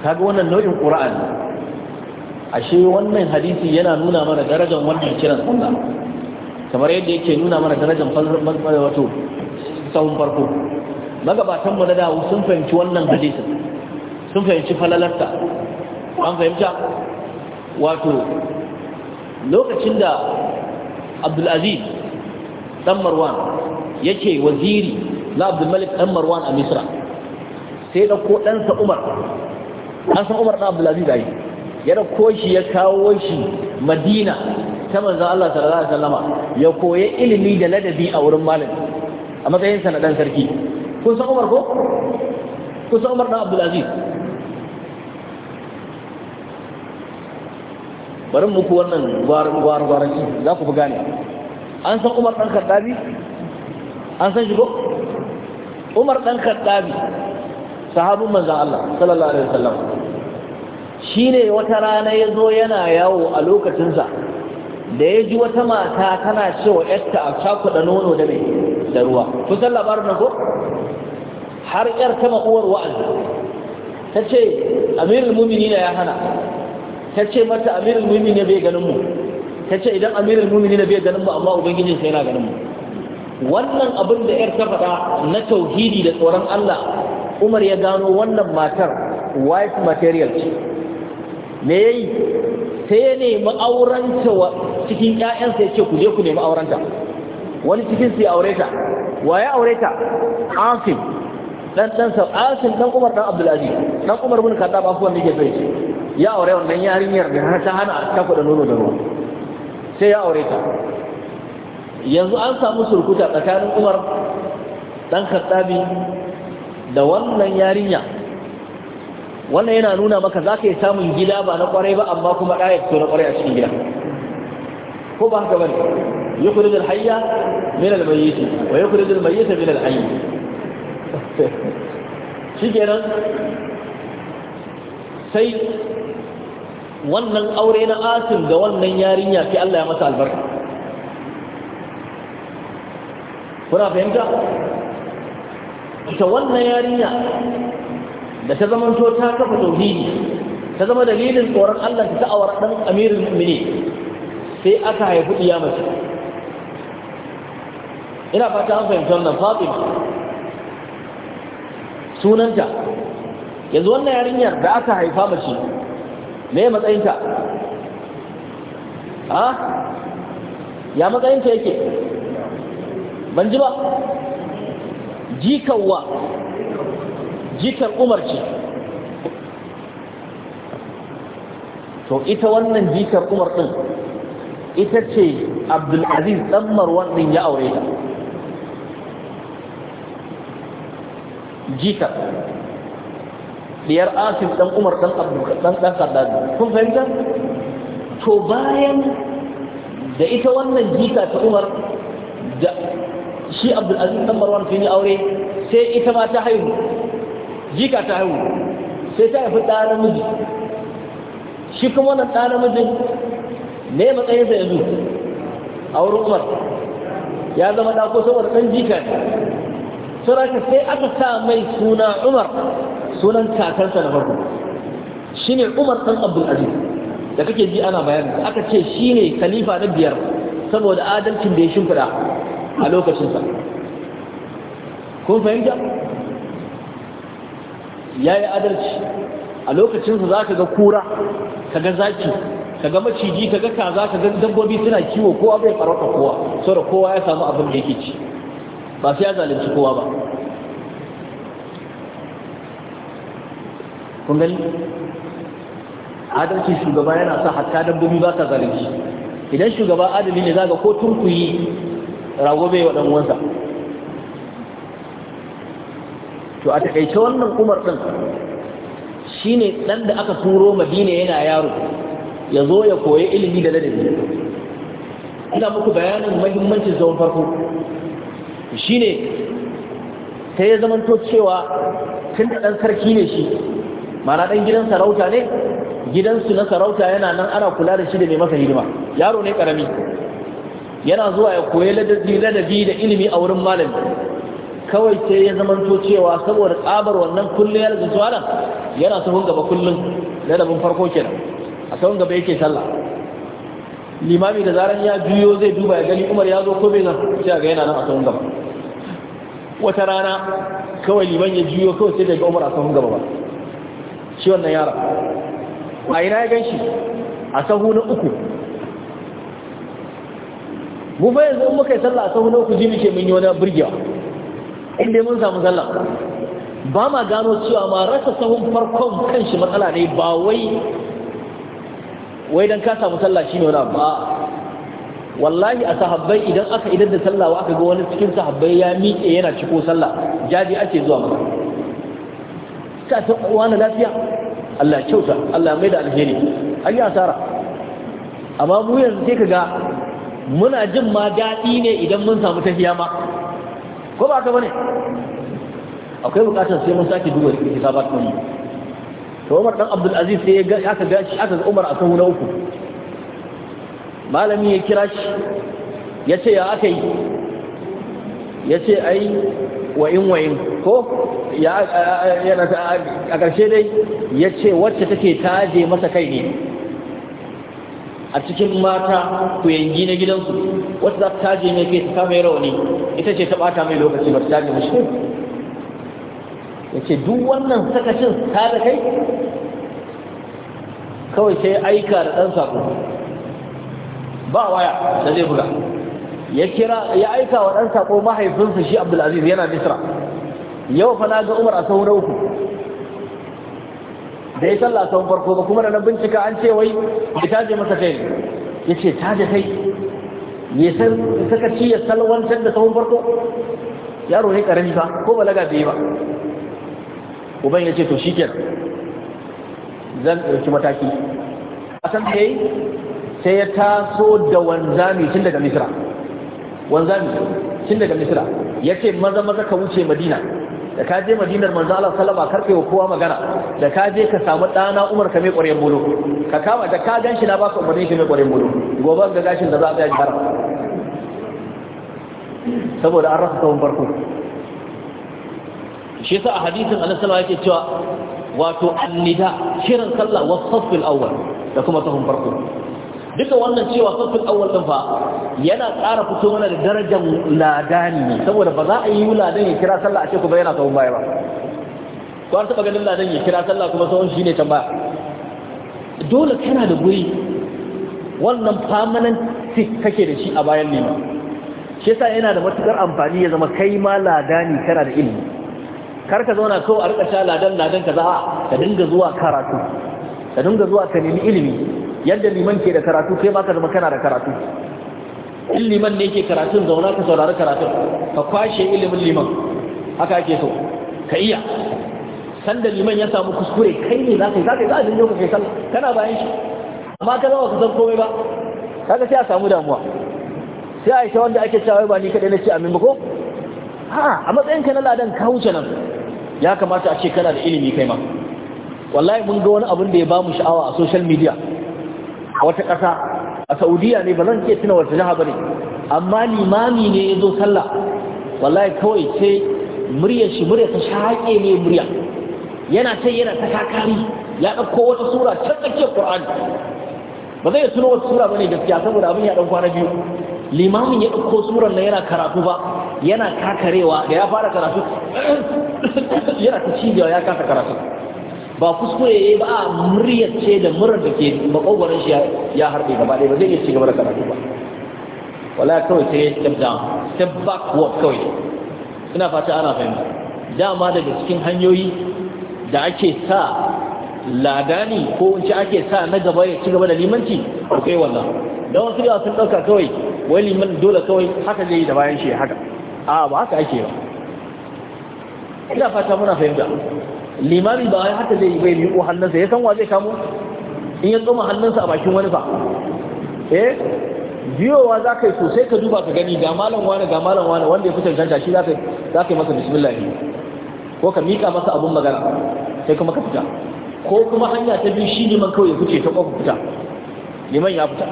kaga wannan nau'in qur'an ashe wannan hadisi yana nuna mana darajar wannan kiran sunna kamar yadda yake nuna mana darajar fazar wato sahun farko magabatan mu na dawo sun fahimci wannan hadisin sun fahimci falalarta an fahimta wato lokacin da abdulaziz dan marwan yake waziri na abdulmalik dan marwan a misra sai da ko ɗansa umar an san umar ɗan abdulaziz ayi. ya ɗauko shi ya kawo shi madina ta manzan allah sallallahu alaihi wasallama ya koya ilimi da ladabi a wurin malami a matsayin sa na ɗan sarki kun san umar ko kun san umar ɗan abdulaziz bari muku wannan gwaran-gwaranci za ku fi gane an san umar ɗan kaddabi an san shi ko umar ɗan kaddabi sahabin manzan Allah sallallahu alaihi wasallam shine wata rana ya zo yana yawo a lokacinsa da ya ji wata mata tana cewa yadda a da nono da mai da ruwa kusan labarin na ko har yar ta makuwar wa'azi ta ce amirul mumini na ya hana ta ce mata amirul mumini na bai ganin mu ta ce idan amirul mumini na bai ganin mu amma ubangijin sai yana ganin mu wannan abin da yar ta faɗa na tauhidi da tsoron Allah umar ya gano wannan matar wife material ce me yayi sai ya nemi aurenta cikin ƴaƴansa ya ce ku je ku nemi aurenta wani cikin su ya aure ta wa ya aure ta asim dan dan sa asim dan umar dan abdulaziz dan umar bin khattab afuwan nake sai ya aure wannan yarinyar da har ta hana ta kuɗa nono da ruwa sai ya aure ta yanzu an samu surkuta tsakanin umar dan khattabi da wannan yarinya wannan yana nuna maka za ka yi samun gida ba na kwarai ba amma kuma ɗaya fito na kwarai a cikin gida ko ba haka bane yukhrij al-hayya min al-mayyit wa yi yukhrij al-mayyit min al Shi kenan sai wannan aure na asin da wannan yarinya sai Allah ya masa albarka kuna fahimta ita wannan yarinya da ta zamanto ta kafa tauhidi ta zama dalilin tsoron Allah ta ta'awar dan amirul mu'mini sai aka haifi iya mace ina fata an fahimci wannan fatima sunanta yanzu wannan yarinyar da aka haifa mace me matsayinta ha ya matsayinta yake ban ji ba jikawa jikar umar ce to ita wannan jikar umar ɗin ita ce abdulaziz ɗan marwan ɗin ya aure ta jikar diyar asif ɗan umar ɗan ɗan ɗan kun fahimta to bayan da ita wannan jika ta umar shi abdul aziz dan marwan sun yi aure sai ita ma ta haihu jika ta haihu sai ta haifi ɗa namiji shi kuma wannan ɗa namijin ne matsayinsa yanzu a wurin umar ya zama ɗako saboda ɗan jika ne saraka sai aka sa mai suna umar sunan kakansa na farko shi ne umar ɗan abdulaziz da kake ji ana bayani aka ce shi ne khalifa na biyar saboda adalcin da ya shimfiɗa a lokacinsa kun fahimta ya yi adalci a lokacinsa za ka ga kura ka ga zaki ka ga maciji ka ga kaza ka ga dabbobi suna kiwo kowa bai farauta kowa sau da kowa ya samu abin da yake ci ba sai ya zalunci kowa ba kun gani adalci shugaba yana sa hatta dabbobi ba ta zalunci idan shugaba adalci ne zaga ko tunkuyi rago bai wa ɗanwansa to a takaice wannan umar ɗin shi ne ɗan da aka turo madina yana yaro ya zo ya koyi ilimi da ladabi ina muku bayanin mahimmancin zaman farko shi ne ta ya zamanto cewa tun da ɗan sarki ne shi mana ɗan gidan sarauta ne gidansu na sarauta yana nan ana kula da shi da mai masa hidima yaro ne ƙarami yana zuwa ya koyi ladabi ladabi da ilimi a wurin malami kawai sai ya to cewa saboda tsabar wannan kullum ya zuwa nan yana sahun gaba kullum ladabin farko kenan a sahun gaba yake sallah limami da zaran ya juyo zai duba ya gani umar ya zo ko bai zan sai ga yana nan a sahun gaba wata rana kawai liman ya juyo kawai sai daga umar a sahun gaba ba shi wannan yara a ina ya gan shi a sahu na uku mu fa yanzu in muka yi sallah a sahu na uku ji muke mun yi wani burgewa in mun samu sallah ba ma gano cewa ma rasa sahun farkon kan shi matsala ne ba wai wai dan ka samu sallah shi ne wani ba wallahi a sahabbai idan aka idan da sallah aka ga wani cikin sahabbai ya miƙe yana ciko sallah jaji ake zuwa maka ka ta wani lafiya Allah kyauta Allah mai da alheri an yi asara amma mu yanzu sai ka ga muna jin ma daɗi ne idan mun samu ta ma ko ba ka bane akwai bukatar sai mun sake duba kitabat din to Umar dan Abdul Aziz sai ya aka ga shi aka ga Umar a kan na uku malami ya kira shi ya ce ya akai ya ce ai wayin wayin ko ya yana a ƙarshe dai ya ce wacce take taje masa kai ne a cikin mata ku yangi na gidansu wata za ta taje mai kai ta kama rauni ita ce ta bata mai lokaci ba ta taje mashi ya ce duk wannan sakacin ta da kai kawai sai aika da ɗan saƙo. ba waya da zai buga ya kira ya aika wa ɗan saƙo mahaifinsa shi abdulaziz yana misra yau fa na ga umar a sauran uku da ya sallah sau farko ba kuma da na bincika an ce wai ya taje masa kai ya ce taje kai ya san saka ci ya salwantar da tsawon farko yaro ne karami ba ko balaga bai ba uban ya ce to shi zan ɗauki mataki a san da ya yi sai ya taso da wanzami tun daga misira wanzami tun daga misira ya ce maza maza ka wuce madina da ka je madinar manzo Allah sallama karfe wa kowa magana da ka je ka samu dana Umar ka mai ƙwaryen bulu ka kama da ka ganshi na baka umarni shi mai ƙwaryen bulu gobe ga gashin da za ka yi har saboda an rasa tsawon farko shi yasa a hadisin Allah sallama yake cewa wato annida kiran sallah wasafil awwal da kuma tsawon farko duka wannan cewa sassun awal din fa yana ƙara fito mana da darajar ladani ne saboda ba za a yi ladan ya kira sallah a ce kuma yana tsawon baya ba ko an taɓa ganin ladan ya kira sallah kuma tsawon shi ne tambaya. dole kana da guri wannan permanent stick kake da shi a bayan nema shi yasa yana da matukar amfani ya zama kai ma ladani kana da ilimi kar ka zauna kawai a rika sha ladan ladan ka za ka dinga zuwa karatu ka dinga zuwa ka nemi ilimi yadda liman ke da karatu kai ma ka zama kana da karatu in liman ne yake karatun zauna ka saurari karatun ka kwashe ilimin liman haka ake so ka iya sanda liman ya samu kuskure kai ne za ka yi za ka yi za a dinga kai sallah kana bayan shi amma ka zama ka san komai ba kaga sai a samu damuwa sai a ita wanda ake cewa ba ni kaɗai na ce amin ba ko a a matsayin ka na ladan ka wuce nan ya kamata a ce kana da ilimi kai ma wallahi mun ga wani abin da ya bamu sha'awa a social media a wata ƙasa a saudiya ne ba zan ke tuna wata jiha ba ne amma limami ne ya zo sallah wallahi kawai sai muryar shi murya ta shaƙe ne murya yana ce yana ta kakari ya ɗauko wata sura ta tsakiyar qurani ba zai tuno wata sura bane gaskiya saboda abin ya ɗan kwana biyu limamin ya ɗauko suran nan yana karatu ba yana kakarewa da ya fara karatu yana ta cijewa ya kasa karatu ba kuskure ya yi ba a muryar ce da murar da ke makogwaron shi ya harbe gaba ɗaya ba zai iya ci gaba da karatu ba wala kawai sai step down step back what kawai ina fata ana fahimta dama daga cikin hanyoyi da ake sa ladani ko in ce ake sa na gaba ya ci gaba da limanci akwai wannan don wasu yawa sun ɗauka kawai wai liman dole kawai haka zai yi da bayan shi haka a ba haka ake ba ina fata muna fahimta limami ba wai haka zai yi bai miƙo hannunsa ya san wa zai kamo in ya tsoma hannunsa a bakin wani fa eh biyowa za ka yi sosai ka duba ka gani ga malam wani ga malam wani wanda ya fitar cancanta shi za ka yi masa bismillah ne ko ka miƙa masa abun magana sai kuma ka fita ko kuma hanya ta biyu shi neman kawai ya fice ta ƙofa fita liman ya fita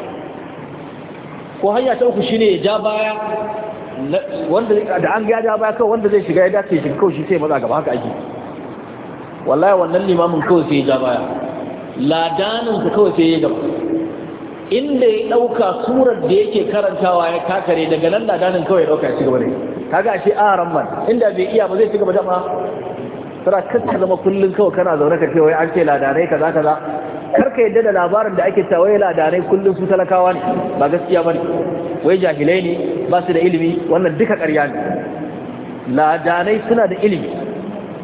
ko hanya ta uku shine ya ja baya wanda da an ga ya ja baya kawai wanda zai shiga ya dace shi kawai shi sai maza gaba haka ake wallahi wannan limamin kawai sai ya ja baya ladanin su kawai sai ya gaba inda ya ɗauka surar da yake karantawa ya kakare daga nan ladanin kawai ya ɗauka ya ci gaba ne kaga shi a man. inda bai iya ba zai ci gaba da ma tara kakka zama kullum kawai kana zaune ka ce wai an ce ladanai kaza kaza kar ka yadda da labarin da ake cewa wai ladanai kullum su talakawa ne ba gaskiya bane wai jahilai ne ba su da ilimi wannan duka ƙarya ne ladanai suna da ilimi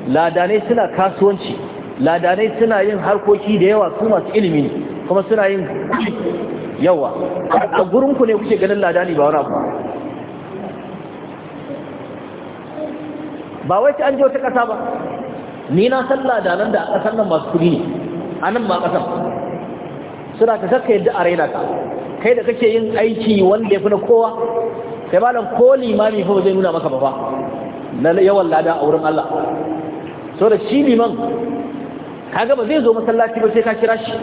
ladanai suna kasuwanci ladanai suna yin harkoki da yawa su masu ilimi ne kuma suna yin yawa a gurinku ne kuke ganin ladani ba wani abu ba wai ta an je wata ƙasa ba ni na san ladanan da a ƙasar nan masu kuri ne a nan ma ƙasar suna ta kakka yadda a raina ka kai da kake yin aiki wanda ya fi na kowa Sai malam ko limami fa zai nuna maka ba ba na yawan lada a wurin Allah so da shi liman kaga ba zai zo masallaci ba sai ka kira shi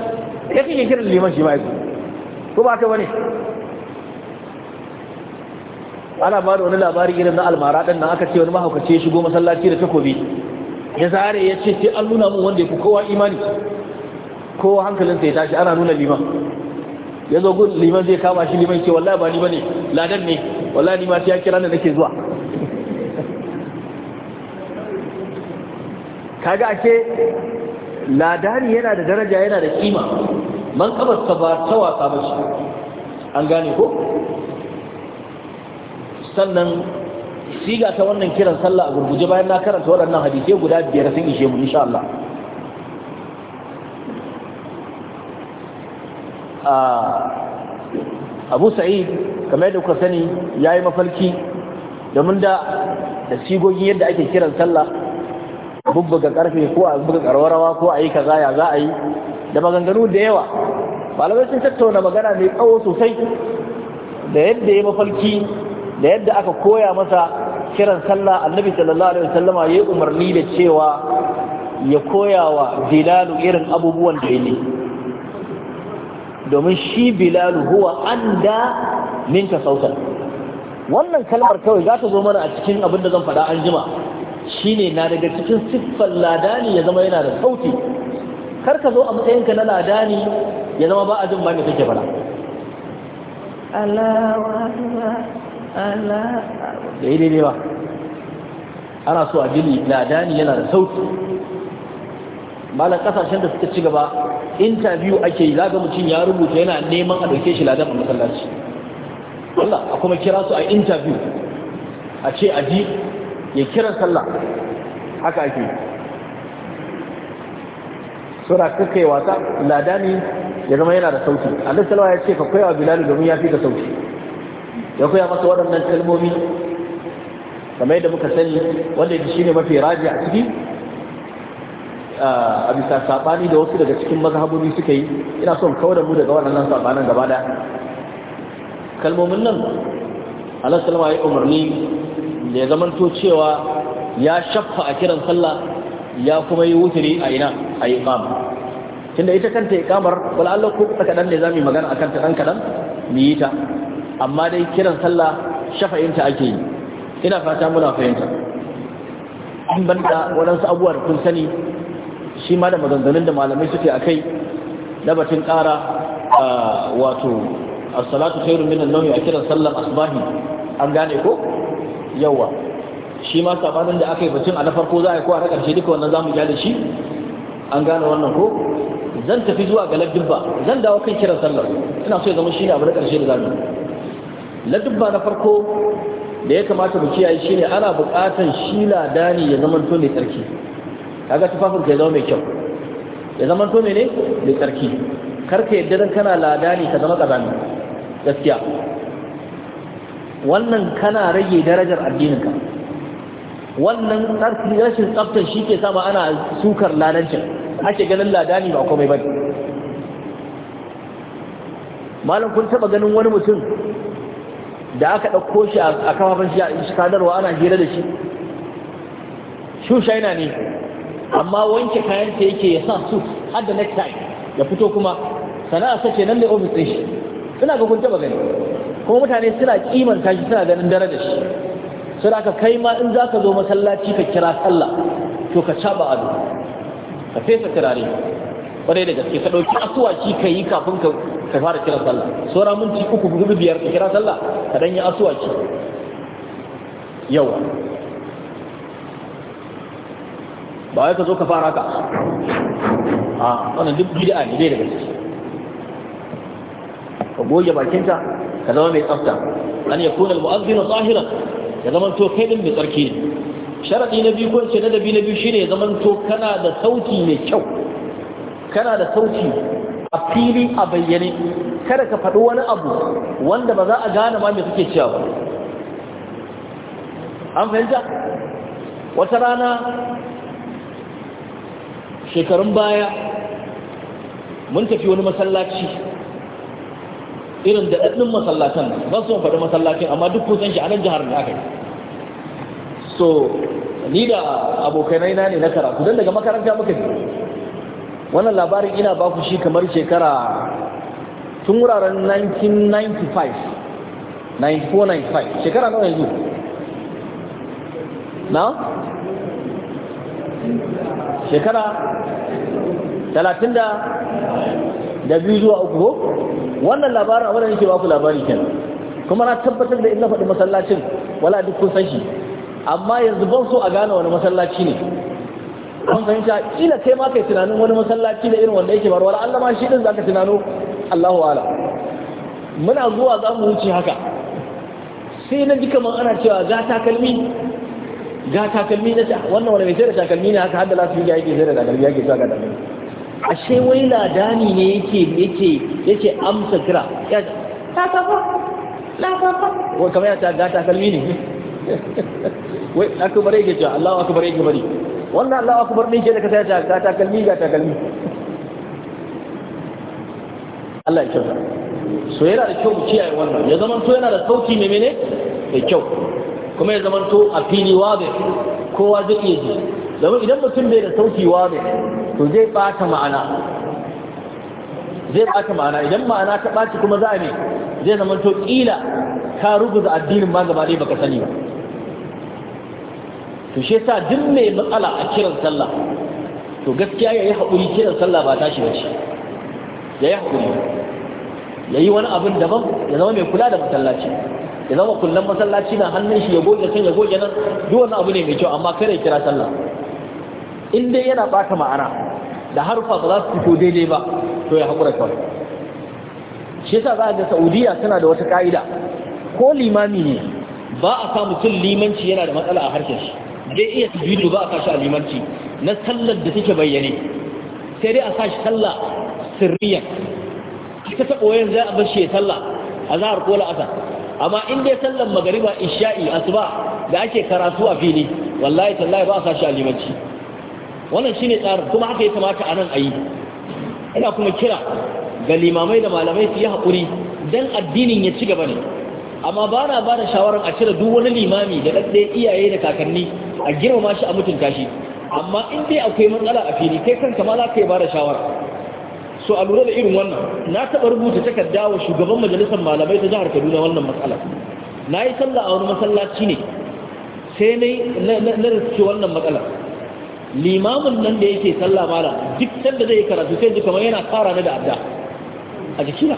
ya kike kira liman shi ma yazo ko ba ka bane ana ba da wani labari irin na almara ɗan nan aka ce wani mahaukaci ya shigo masallaci da takobi ya zare ya ce sai an nuna mun wanda ya fi kowa imani kowa sa ya tashi ana nuna liman ya zo gun liman zai kama shi liman ce wallahi ba ni bane ladan ne wallahi ni ma ta kira da nake zuwa kaga ake ladani yana da daraja yana da kima man kabarsa ba ta wasa ba shi an gane ko sannan siga ta wannan kiran sallah a gurguje bayan na karanta waɗannan hadisai guda biyar sun ishe mu insha Allah abu sa'id kamar yadda kuka sani ya yi mafarki domin da da sigogin yadda ake kiran sallah bubbuga karfe ko a buga karwarawa ko a yi kaza ya za a yi da maganganu da yawa malamai sun tattauna magana mai tsawo sosai da yadda ya mafalki, da yadda aka koya masa kiran sallah annabi sallallahu alaihi wasallama ya yi umarni da cewa ya koya wa bilalu irin abubuwan da ya domin shi bilalu huwa an da ninka sautan wannan kalmar kawai za ta zo mana a cikin abin da zan faɗa an jima shine na daga cikin siffar ladani ya zama yana da sauti kar ka zo a matsayinka na ladani ya zama ba a jin ba ne take fara Allah Allah daidai ba ana so a gini ladani yana da sauti malar kasashen da suka ci gaba interview ake yi zaga mutum ya rubuta yana neman a ɗauke shi ladan a masallaci Allah a kuma kira su a interview a ce a ji ya kiran sallah haka ake sura kai wasa ladani ya zama yana da sauti Allah sallallahu ya ce ka koya wa Bilal domin ya fi ka sauti ya koya masa waɗannan kalmomi kamar yadda muka sani wanda shi ne mafi raji a ciki a bisa sabani da wasu daga cikin mazhabobi suka yi ina son kawar da mu daga waɗannan sabanan gaba kalmomin nan Allah sallallahu ya umarni ya zamanto cewa ya shaffa a kiran sallah ya kuma yi wuturi a ina a yi iqama tunda ita kanta iqamar wala Allah ko ta kadan ne yi magana a kanta dan kadan mu yi ta amma dai kiran sallah shafa ta ake yi ina fata muna fahimta an banda waɗansu abubuwa da kun sani shi ma da maganganun da malamai suke a kai na batun ƙara wato as-salatu khairun min a kiran sallar asbahi an gane ko yawa shi ma sabanin da aka yi batun a na farko za a yi kowa na ƙarshe duka wannan zamu gyara shi an gane wannan ko zan tafi zuwa ga ladubba zan dawo kan kiran sallar ina so ya zama shi ne abu na ƙarshe da zamu ladubba na farko da ya kamata mu kiyaye shi ne ana buƙatar shi ladani ya zama to mai tsarki kaga tufafin ka zama mai kyau ya zama to ne mai tsarki kar ka yadda dan kana ladani ka zama kazani gaskiya wannan kana rage darajar addininka wannan tsarki rashin tsaftar shi ke sama ana sukar ladancin ake ganin ladani ba komai ba malam kun taba ganin wani mutum da aka ɗauko shi a a sadarwa ana hira da shi yana ne amma wanke kayanta yake ya sa su har da necktie ya fito kuma sana'a sace nan ne ofis ɗin shi ina ga kun taba gani ko mutane suna kimanta shi suna ganin dare da shi sai aka kai ma in za ka zo masallaci ka kira sallah to ka caba ado ka fesa turare kwarai da gaske ka ɗauki asuwaci ka yi kafin ka fara kira sallah sauran minti uku hudu biyar ka kira sallah ka dan yi asuwaci yawa ba wai ka zo ka fara ka a wannan duk bid'a ne dai da gaske ka goge bakinta ka zama mai tsafta an yakuna al-mu'adhdhin tahiran ya zama to kai din mai tsarki ne sharadi na biyu ko ce na dabi na biyu shine ya zama to kana da sauti mai kyau kana da sauti a fili a bayyane kada ka faɗi wani abu wanda ba za a gane ma me suke cewa ba an fahimta wata rana shekarun baya mun tafi wani masallaci irin da ɗaɗɗin masallatan ba su faɗi masallacin amma duk kusan shi a nan jihar ne aka yi so ni da abokanai na ne na karatu don daga makaranta muka ne wannan labarin ina ba ku shi kamar shekara tun wuraren 1995 94-95 shekara nawa yanzu na? shekara 30 da da biyu zuwa uku ko wannan labarin abin da nake ba ku labari kenan kuma na tabbatar da in na faɗi masallacin wala duk kun san shi amma yanzu ban so a gane wani masallaci ne kun cewa kila kai ma kai tunanin wani masallaci da irin wanda yake wala Allah ma shi din zaka tunano Allahu ala muna zuwa za mu wuce haka sai na ji kamar ana cewa ga takalmi ga takalmi na wannan wani mai sai da takalmi ne haka hadda lasu yake sai da takalmi yake sa ga takalmi ashe wai ladani ne yake yake yake amsa kira ya ta kafa la kafa wai kamar ta ga ta kalmi ne wai akbar yake cewa Allahu akbar yake bari wannan Allahu akbar ne ke da kasa ta ga ta kalmi ga ta kalmi Allah ya kyauta so yana da kyau kiyaye wannan ya zaman to yana da sauki mai mene da kyau kuma ya zaman to a fili wabe kowa zai iya ji domin idan mutum bai da saukewa ne to zai bata ma'ana zai bata ma'ana idan ma'ana ta ɓaci kuma za a ne zai zama to ƙila ka rubuta addinin ma gaba dai baka sani ba to shi yasa duk mai matsala a kiran sallah to gaskiya ya yi haƙuri kiran sallah ba tashi ba ce ya yi haƙuri ya yi wani abin daban ya zama mai kula da masallaci ya zama kullum masallaci na hannun shi ya goge can ya goge nan duk wani abu ne mai kyau amma kare kira sallah in dai yana bata ma'ana da harfa ba za su fito daidai ba to ya haƙura kawai shi yasa za a ga saudiya suna da wata ƙa'ida. ko limami ne ba a sa mutum limanci yana da matsala a harshen shi zai iya sujudu ba a sa shi a limanci na sallar da take bayyane sai dai a sa shi sallah sirriyan ita ta koyon za a bar shi ya sallah a zahar ko la'asar amma in dai sallar magariba isha'i asuba da ake karatu a fili wallahi tallahi ba a sa shi a limanci wannan shine tsarin kuma haka ya kamata a nan a yi ina kuma kira ga limamai da malamai su yi haƙuri don addinin ya ci gaba ne amma ba na ba da shawarar a cire duk wani limami da ɗaɗɗe iyaye da kakanni a girmama shi a mutunta shi amma in dai akwai matsala a fili kai kanka ma za ka yi ba da shawara so a lura da irin wannan na taɓa rubuta takarda wa shugaban majalisar malamai ta jihar kaduna wannan matsala na yi sallah a wani masallaci ne sai na na wannan matsalar limamin nan da yake sallah mala duk sanda zai karatu sai duka kamar yana fara ni da adda a jikina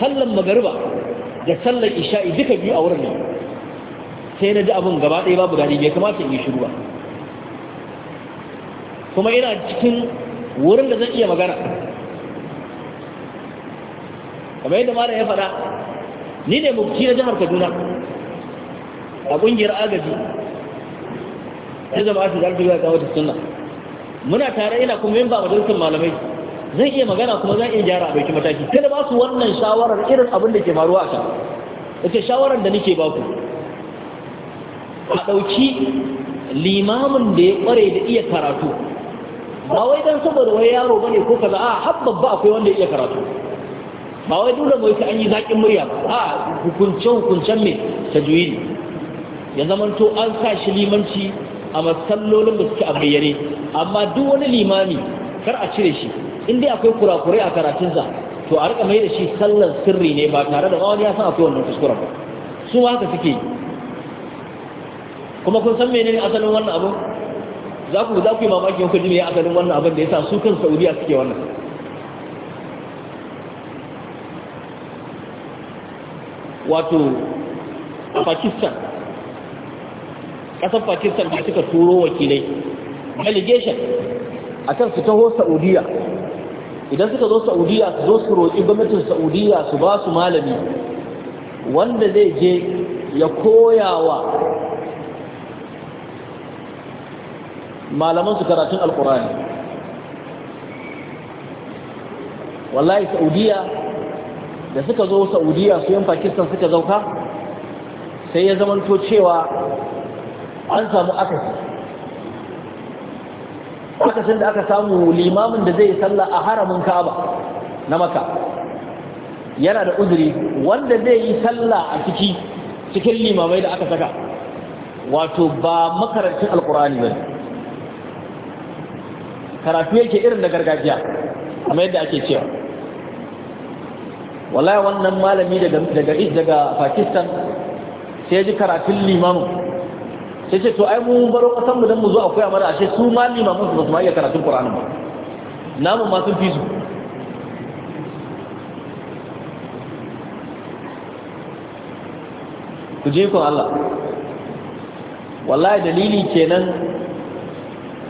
sallan magariba da sallan isha'i duka biyu a wurin nan sai na ji abin gaba ɗaya babu daɗi bai kamata in yi shiru ba kuma ina cikin wurin da zan iya magana kamar yadda mara ya faɗa ni ne mufti na jihar kaduna a ƙungiyar agaji sai jama'a su zarfi kawo sunna muna tare ina kuma yin ba majalisar malamai zan iya magana kuma zan iya gyara a mataki mataki kada ba su wannan shawarar irin abin da ke faruwa a can ita shawarar da nake ba ku a ɗauki limamin da ya ƙware da iya karatu ba wai don saboda wai yaro ba ne ko kaza a habban ba akwai wanda ya iya karatu ba wai dole mai ta an yi zaƙin murya ba a hukunce hukuncen mai ta juyi ya zamanto an sa shi limanci a matsalolin da suke a bayyane amma duk wani limami kar a cire shi inda akwai kurakurai a karatunsa to a rika mai da shi sallar sirri ne ba tare da wani ya san akwai wannan kuskura ba su haka suke yi kuma kun san menene asalin wannan abin za ku za ku yi mamaki kun ji me asalin wannan abin da yasa su kan Saudiya suke wannan wato a Pakistan ƙasar pakistan da suka turo wakilai delegation a kan su taho saudiya idan suka zo saudiya su zo su roƙi gwamnatin saudiya su ba su malami wanda zai je ya koyawa malaman su karatun alkurani wallahi saudiya da suka zo saudiya su yin pakistan suka zauka sai ya zamanto cewa an samu akasi akasin da aka samu limamin da zai salla a haramin kaba na maka yana da uzuri wanda zai yi salla a ciki cikin limamai da aka saka wato ba makarancin alkurani ba karatu yake irin da gargajiya kamar yadda ake cewa wallahi wannan malami daga daga pakistan sai ji karatun limamin sai ce to ai mu baro kasan mu dan mu zo akwai koya mana ashe su ma limamin su ba su ma iya karatun Qur'ani ba ma sun fi su ku je ku Allah wallahi dalili kenan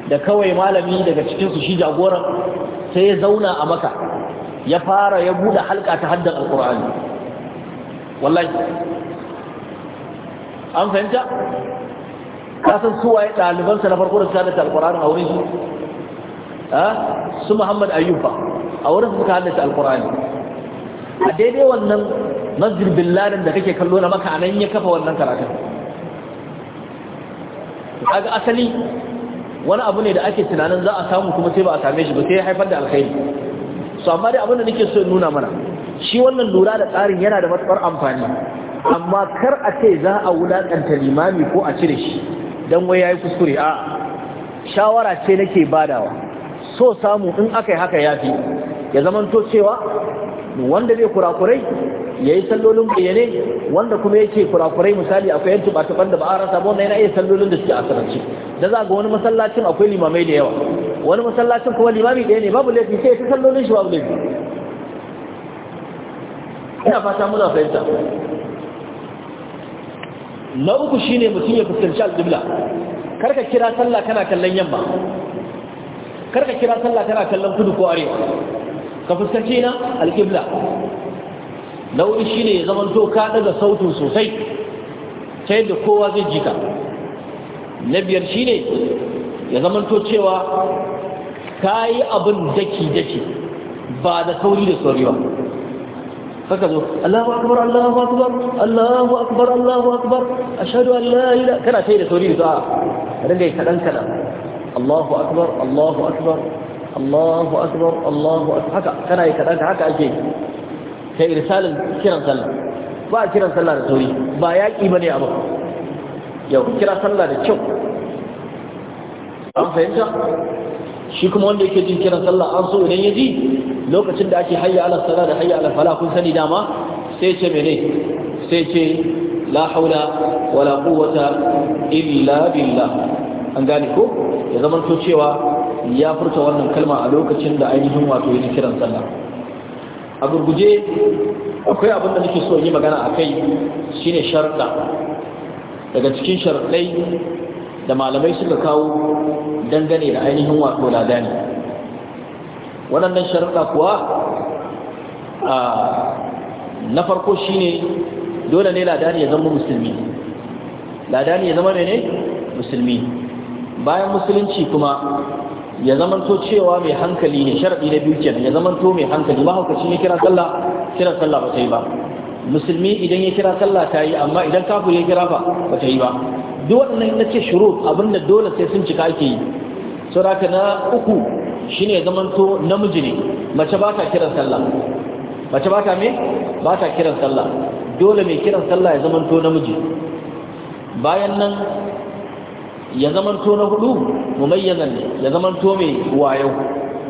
da kawai malami daga cikin su shi jagoran sai ya zauna a maka ya fara ya bude halka ta haddan alkur'ani wallahi an fahimta kasan suwaye ɗalibansa na farko da suka halatta alƙur'ani a wurin su? su muhammad ayyuba a wurin suka halatta alƙur'ani a daidai wannan masjid billanin da kake kallo na maka nan ya kafa wannan karatun kaga asali wani abu ne da ake tunanin za a samu kuma sai ba a same shi ba sai ya haifar da alkhairi so amma dai abin da nake so nuna mana shi wannan lura da tsarin yana da matuƙar amfani amma kar a ce za a wulaƙanta limami ko a cire shi don wai ya yi kuskure a shawara ce nake badawa so samu in aka haka ya fi ya zamanto cewa wanda zai kurakurai ya yi sallolin bayyane wanda kuma yake kurakurai misali akwai yanci ba taɓar da ba a rasa ba wannan yana iya sallolin da suke a sarance da za ga wani masallacin akwai limamai da yawa wani masallacin kuma limami ɗaya ne babu laifi sai ya fi sallolin shi babu laifi ina fata muna fahimta na uku ne mutum ya fuskanci Al-Ibla. al-dibla karka kira sallah kana kallon yamma karka kira sallah kana kallon kudu ko arewa ka fuskanci na al al-dibla na shi ne ya zama to ka sautin sosai ta yadda kowa zai jika na biyar ne ya zama cewa ka yi abin daki-daki ba da sauri da sauri ba saka zo Allahu akbar Allahu akbar Allahu akbar Allahu akbar ashhadu an la ilaha kana sai da sauri da a dinga yi kadan kadan Allahu akbar Allahu akbar Allahu akbar Allahu akbar haka kana yi kadan haka ake kai irsalin kiran sallah ba kiran sallah da sauri ba yaki bane abu yau kira sallah da kyau an fahimta shi kuma wanda yake jin kiran sallah an so ya ji lokacin da ake hayya ala sala da hayya ala fala kun sani dama sai ce mene sai ce la haula wala quwwata illa billah an gane ko ya zama to cewa ya furta wannan kalma a lokacin da ainihin wato yake kiran sallah a gurguje akwai abin da nake so yi magana a kai shine sharta, daga cikin sharɗai da malamai suka kawo dangane da ainihin wato ladani waɗannan sharuɗa kuwa na farko shine dole ne ladani ya zama musulmi ya zama ne musulmi bayan musulunci kuma ya zamanto cewa mai hankali ne sharaɗi na biyu kenan ya zamanto mai hankali mahaukaci ne kira sallah kira sallah ba ta yi ba musulmi idan ya kira sallah ta yi amma idan kafu ya kira ba ba ta yi ba duk waɗannan na ce shuru abinda dole sai sun cika ake yi saboda na uku shine ya zamanto namiji ne mace ba ta kiran sallah mace ba ta me ba ta kiran sallah dole mai kiran sallah ya zamanto namiji bayan nan ya zamanto na hudu mumayyazan ne ya zamanto mai wayo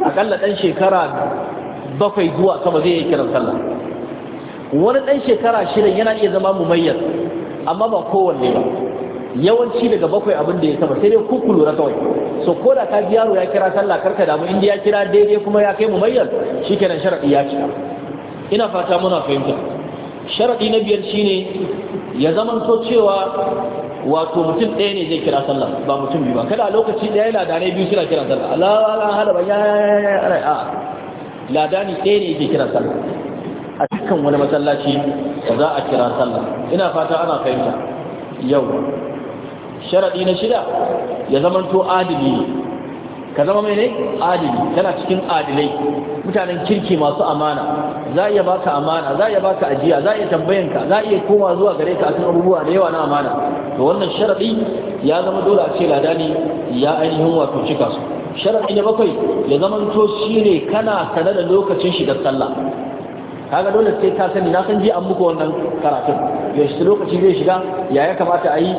akalla dan shekara bakwai zuwa kama zai yi kiran sallah wani dan shekara shirin yana iya zama mumayyaz amma ba kowanne ba yawanci daga bakwai abin da ya saba sai dai kuku lura kawai so ko da ka ji yaro ya kira sallah karka damu in ya kira daidai kuma ya kai mumayyar shikenan sharadi ya cika ina fata muna fahimta sharadi na biyar shine ya zamanto cewa wato mutum ɗaya ne zai kira sallah ba mutum biyu ba kada a lokaci ɗaya ladanai biyu suna kira sallah Allah Allah hada ba ya a ladani ɗaya ne zai kira sallah a cikin wani masallaci za a kira sallah ina fata ana fahimta yau sharaɗi na shida ya zama to adili ka zama mai ne adili kana cikin adilai mutanen kirki masu amana za iya baka amana za iya baka ajiya za iya tambayanka za iya koma zuwa gare ka akan abubuwa da yawa na amana to wannan sharaɗi ya zama dole a ce ladani ya ainihin wato cika su sharaɗi na bakwai ya zama to shine kana sanar da lokacin shigar sallah kaga dole sai ka sani na san ji an muku wannan karatun yaushe lokaci zai shiga ya ya kamata a yi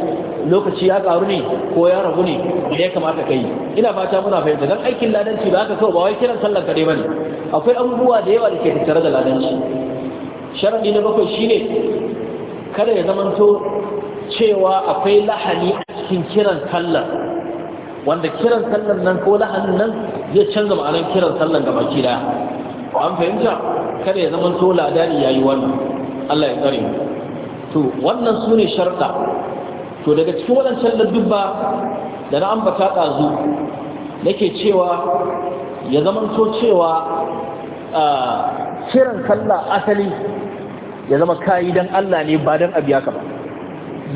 lokaci ya karu ne ko ya ragu ne da ya kamata ka yi ina fata muna fahimta dan aikin ladanci ba haka kawai ba wai kiran sallar ba bane akwai abubuwa da yawa da ke tattare da ladanci sharadi na bakwai shine kada ya zamanto cewa akwai lahani a cikin kiran sallar wanda kiran sallar nan ko lahanin nan zai canza ma'anar kiran sallar ki daya an fahimta kada ya zama to ladani yi wannan Allah ya tsare to wannan su ne sharɗa, to daga cikin wadancan dubba da na ambata dazu nake cewa ya zama to cewa kiran kalla asali ya zama kayi don Allah ne ba don abu ka ba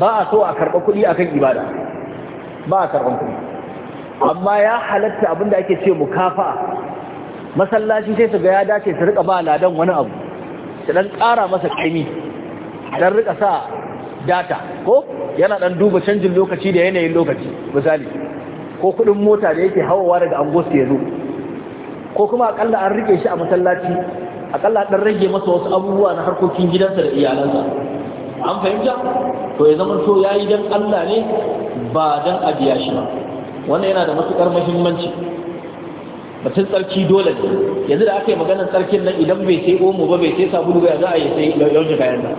ba a so a karɓa kuɗi akan ibada ba a karɓan kuɗi amma ya halatta abinda ake ce mukafa'a masallaci sai su ga ya dace su rika ba ladan wani abu su dan kara masa kaimi dan rika sa data ko yana dan duba canjin lokaci da yanayin lokaci misali ko kudin mota da yake hawawa daga angos ya zo ko kuma akalla an rike shi a masallaci akalla dan rage masa wasu abubuwa na harkokin gidansa da iyalansa an fahimta to ya zama to yayi dan Allah ne ba dan a shi ba wannan yana da matukar muhimmanci mutum tsarki dole ne yanzu da aka yi maganar tsarkin nan idan bai sai omo ba bai sai sabulu ba ya za a yi sai yaushe kayan nan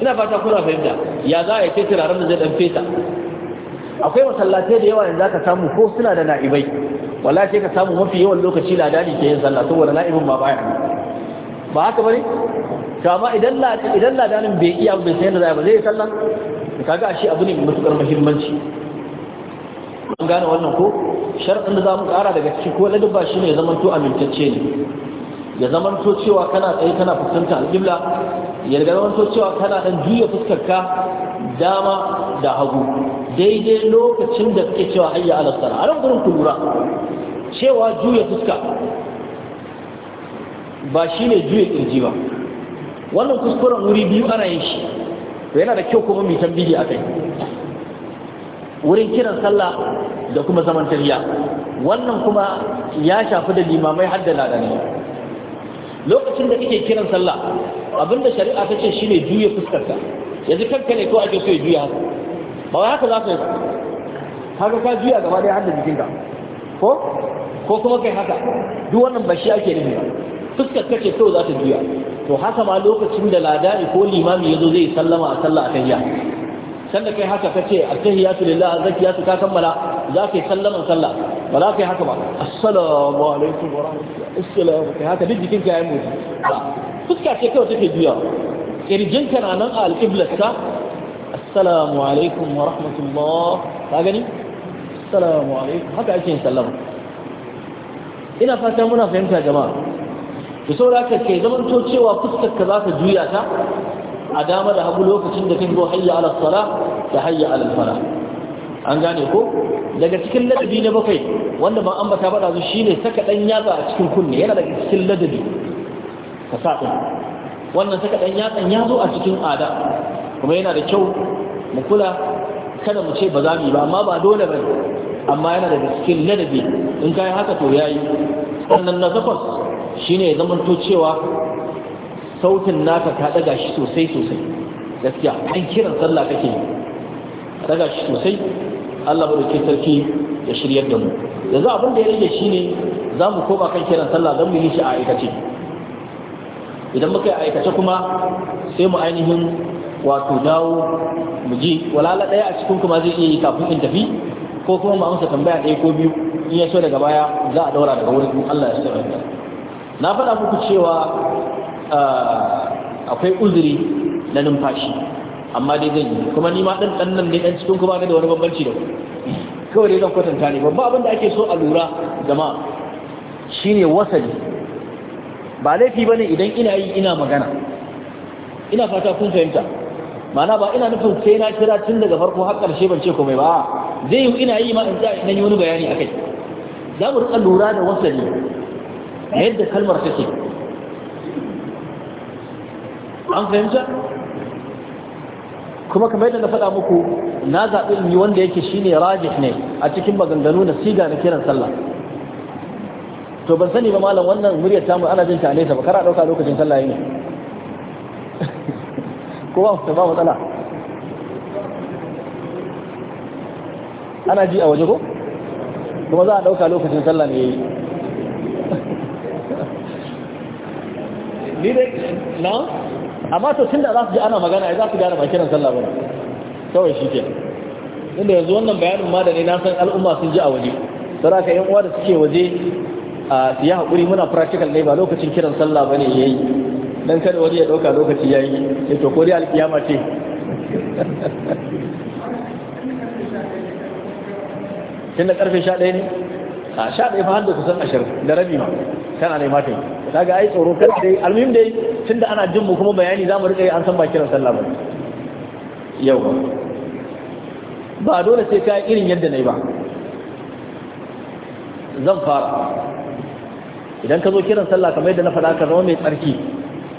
ina fata kuna fahimta ya za a yi sai turaren da zai dan fesa akwai masallatai da yawa yanzu aka samu ko suna da na'ibai Wala sai ka samu mafi yawan lokaci ladani ke yin sallah saboda na'ibin ba baya ba haka bane to amma idan idan ladanin bai iya bai sai da zai ba zai sallah kaga ashe abu ne mai matukar muhimmanci an gane wannan ko sharɗin da za mu ƙara daga ciki ko ba shi ne ya to amintacce ne ya to cewa kana tsaye kana fuskanta alƙibla ya riga to cewa kana ɗan juya fuskarka dama da hagu daidai lokacin da kake cewa hayya ala a nan gurin ku lura cewa juya fuska ba shi ne juya ƙirji ba wannan kuskuren wuri biyu ana yin shi yana da kyau kuma mai tambihi a kai wurin kiran sallah da kuma zaman tariya wannan kuma ya shafi da limamai har da ladani lokacin da kake kiran sallah abinda shari'a ta ce shine juya fuskarka yanzu kanka ne ko ake so ya juya ba wai haka za ka yi haka ka juya gaba ɗaya hadda jikinka ko ko kuma kai haka duk wannan ba shi ake nufi fuskar kace so za ta juya to haka ma lokacin da ladani ko limami ya zo zai sallama a sallah a tahiya sanda kai haka ka ce attahiyatu lillah zakiyatu ka kammala za ka yi sallaman sallah ba za ka yi haka ba assalamu alaikum wa rahmatullahi assalamu kai haka duk jikinka ya yi mutu fuska ce kawai take juya kirjinka na nan a alƙiblarka assalamu alaikum wa rahmatullah ka gani assalamu alaikum haka ake yin sallama ina fata muna fahimta jama'a da saboda haka ke zaman to cewa fuskar ka za ka juya ta a dama da hagu lokacin da kin zo hayya ala sala da hayya ala fara. an gane ko daga cikin ladabi na bakwai wanda ban baɗa ba dazu ne saka ɗan yatsa a cikin kunne yana daga cikin ladabi ka sa din wannan saka ɗan yatsan ya zo a cikin ada kuma yana da kyau mu kula kada mu ce ba za mu yi ba amma ba dole ba amma yana daga cikin ladabi in kai haka to yayi sannan na takwas shine ya zamanto cewa sautin naka ka daga shi sosai sosai gaskiya an kiran sallah kake daga shi sosai Allah ke sarki ya shiryar da mu yanzu abin da ya rage shi ne za mu koma kan kiran sallah don mu yi shi a aikace idan muka yi aikace kuma sai mu ainihin wato dawo mu ji walala ɗaya a cikin kuma zai iya yi kafin in tafi ko kuma mu amsa tambaya ɗaya ko biyu in ya so daga baya za a daura daga wurin Allah ya sauya na faɗa muku cewa Ah, akwai uzuri na numfashi amma dai zan yi kuma ni ma ɗan nan ne ɗan cikin kuma ga da wani bambanci da kawai dai zan kwatanta ne babba abin da ake so a lura jama'a shine wasali ba laifi ba ne idan ina yi ina magana ina fata kun fahimta mana ba ina nufin sai na kira tun daga farko har ƙarshe ban ce komai ba zai yi ina yi ma in za in yi wani bayani akai za mu rika lura da wasali yadda kalmar take an fahimta kuma kamar yadda na faɗa muku na zaɓi in wanda yake shine rajih ne a cikin maganganu na siga na kiran sallah to ban sani ba malam wannan muryar tamu ana jin ta nesa ba kara ɗauka lokacin sallah ne ko ba ba matsala ana ji a waje ko kuma za a ɗauka lokacin sallah ne yayi ni dai na amma to tunda za su ji ana magana za su gane ba kiran sallah ba kawai shi ke inda yanzu wannan bayanin ma da ne na san al'umma sun ji a waje saraka yan uwa da suke waje a su haƙuri muna practical ne ba lokacin kiran sallah bane yayi dan kada wani ya dauka lokaci yayi sai to ko dai alkiyama ce tun da karfe 11 ne a 11 fa har da kusan 20 da rabi ma kana ne mata yi kaga ai tsoro kan dai almuhim dai tunda ana jin mu kuma bayani za mu rika yi an san ba kiran sallah ba yau ba dole sai ka irin yadda nayi ba zan fara idan ka zo kiran sallah kamar yadda na faɗa ka zama mai tsarki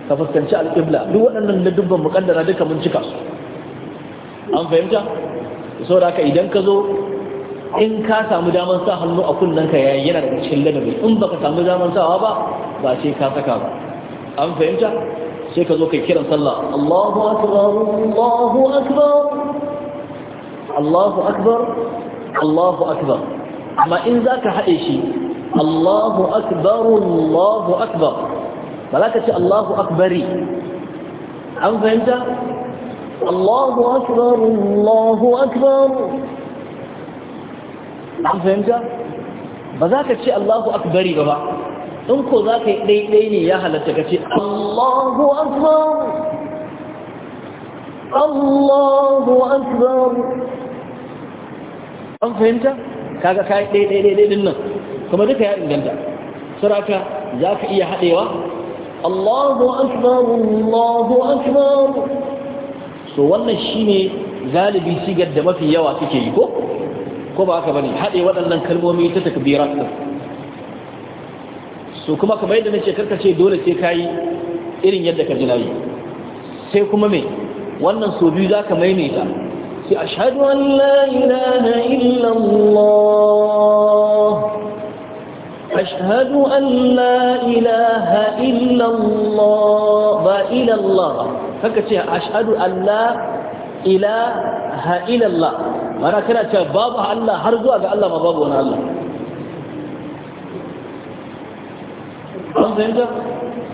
ka fuskanci al-qibla duk waɗannan da dubban muƙaddara duka mun cika an fahimta saboda haka idan ka zo in ka samu daman sa hannu a kullanka ya yana da cikin ladabi in ba ka samu daman sawa ba ba ce ka saka ba an fahimta sai ka zo kai kiran sallah Allahu akbar Allahu akbar Allahu akbar Allahu akbar amma in zaka haɗe shi Allahu akbar Allahu akbar ba za ka ce Allahu akbari an fahimta Allahu akbar Allahu akbar an fahimta ba za ka ce Allahu akbari ba ba in ko za ka yi ɗaiɗai ne ya halatta ka ce Allahu akbar Allahu akbar an fahimta kaga ka yi ɗaiɗai din nan kuma duka ya inganta saraka za ka iya haɗewa Allahu akbar Allahu akbar so wannan shi ne galibi sigar da mafi yawa suke yi ko ko ba haka bane haɗe waɗannan kalmomi ta takbirat din so kuma kamar yadda nace karka ce dole sai kayi irin yadda ka ji nayi sai kuma me wannan so biyu zaka maimaita sai ashhadu an la ilaha illa Allah ashhadu an la ilaha illa Allah ba ila Allah haka ce ashhadu an la إله إلا الله وأنا كنا تباب الله هرقوا أقول الله مبابونا الله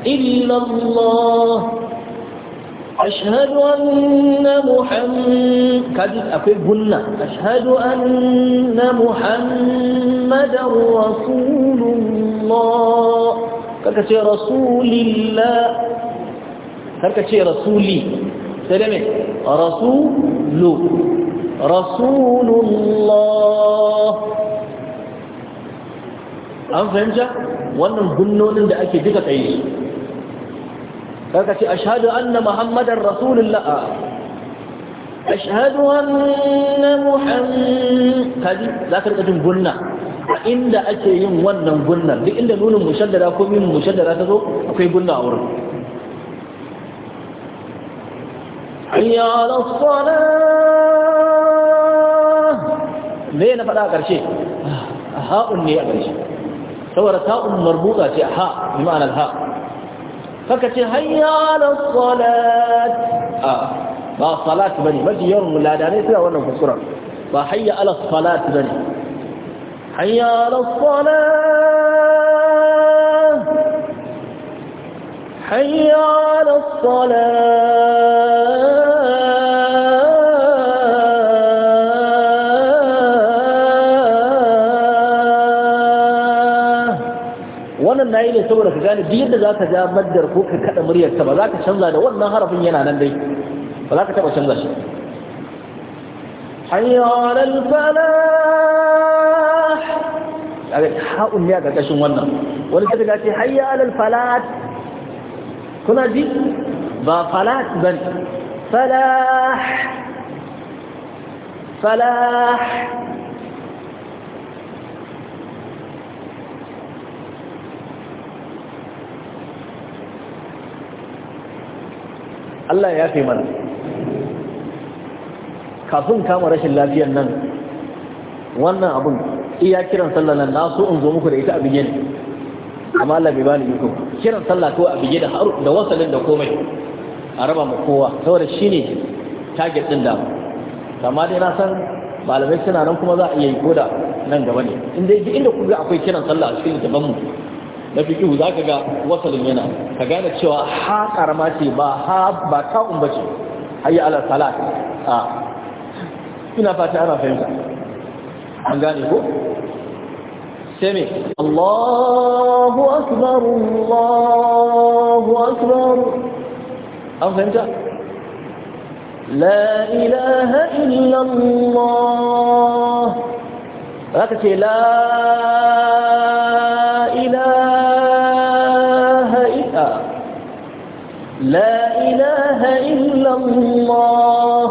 إلا الله أشهد أن محمد أشهد أن محمد رسول الله كذلك رسول الله كذلك رسولي سلمي rasulu rasulullah an fahimta wannan gunnonin da ake duka tsaye kaka ce ashhadu anna muhammadar rasulullah ashhadu anna muhammad kaji za ka rika jin gunna a inda ake yin wannan gunnan duk inda nunin mushaddada ko min mushaddada ta zo akwai gunna a wurin hayya ala salah me na faɗa ƙarshe ha'un ne a ƙarshe saboda ta'un marbuta ce ha bi ma'anar ha kaka ce hayya ala salat a ba salat bane mafi yawan ladanai suna wannan kusuran ba hayya ala salat bane hayya ala salat hayya ala salat ne saboda ka gane duk yadda za ka ja maddar ko ka kaɗa muryarta ba za ka canza da wannan harafin yana nan dai ba za ka taɓa canza shi hayyar alfalah ha'un ne a ƙarƙashin wannan wani ta daga ce hayyar alfalah kuna ji ba falah ban falah falah Allah ya fi mana kafin kama rashin lafiyar nan wannan abun iya kiran sallah nan na so in zo muku da ita a bige ne amma Allah bai bani iko kiran sallah ko a bige da har da wasalin da komai a raba mu kowa saboda ne target din da amma dai na san malamai suna nan kuma za a iya yi koda nan gaba ne inda kuma akwai kiran sallah a cikin mu na fikihu za ka ga wasalin yana ka gane cewa ha karama ce ba ha ba ta'un ba ce hayya ala salat a ina fata ana fahimta an gane ko sai me Allahu akbar Allahu akbar an fahimta la ilaha illallah. ركتي لا إله إلا لا إله إلا الله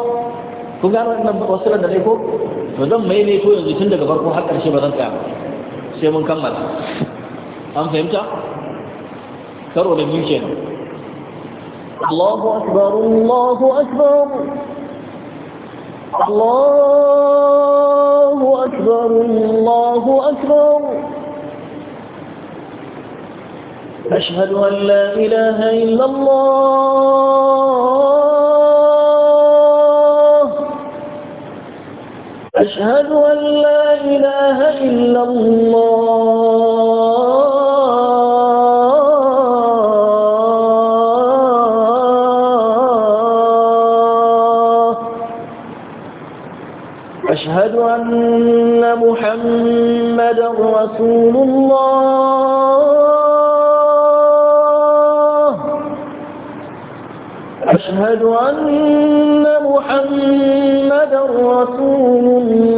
كم يعرف أن وصلنا ذلك فدم ميني كوي أن يسند كفركو حتى الشيء بدن كامل شيء من كمل أم فهمت كرو لمن الله أكبر الله أكبر الله أكبر الله أكبر أشهد أن لا إله إلا الله أشهد أن لا إله إلا الله محمد رسول الله أشهد أن محمد رسول الله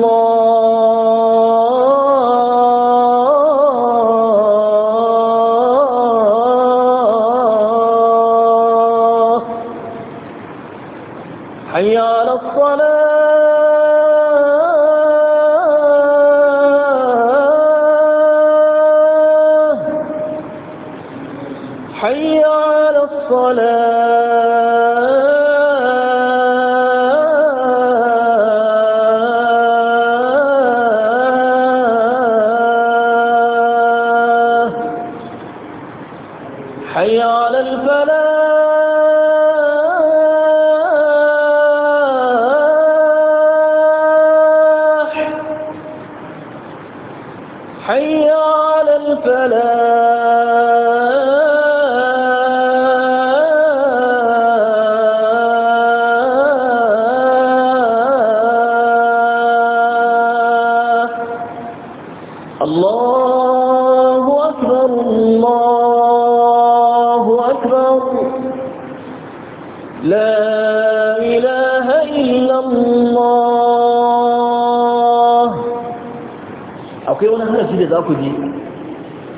za ku ji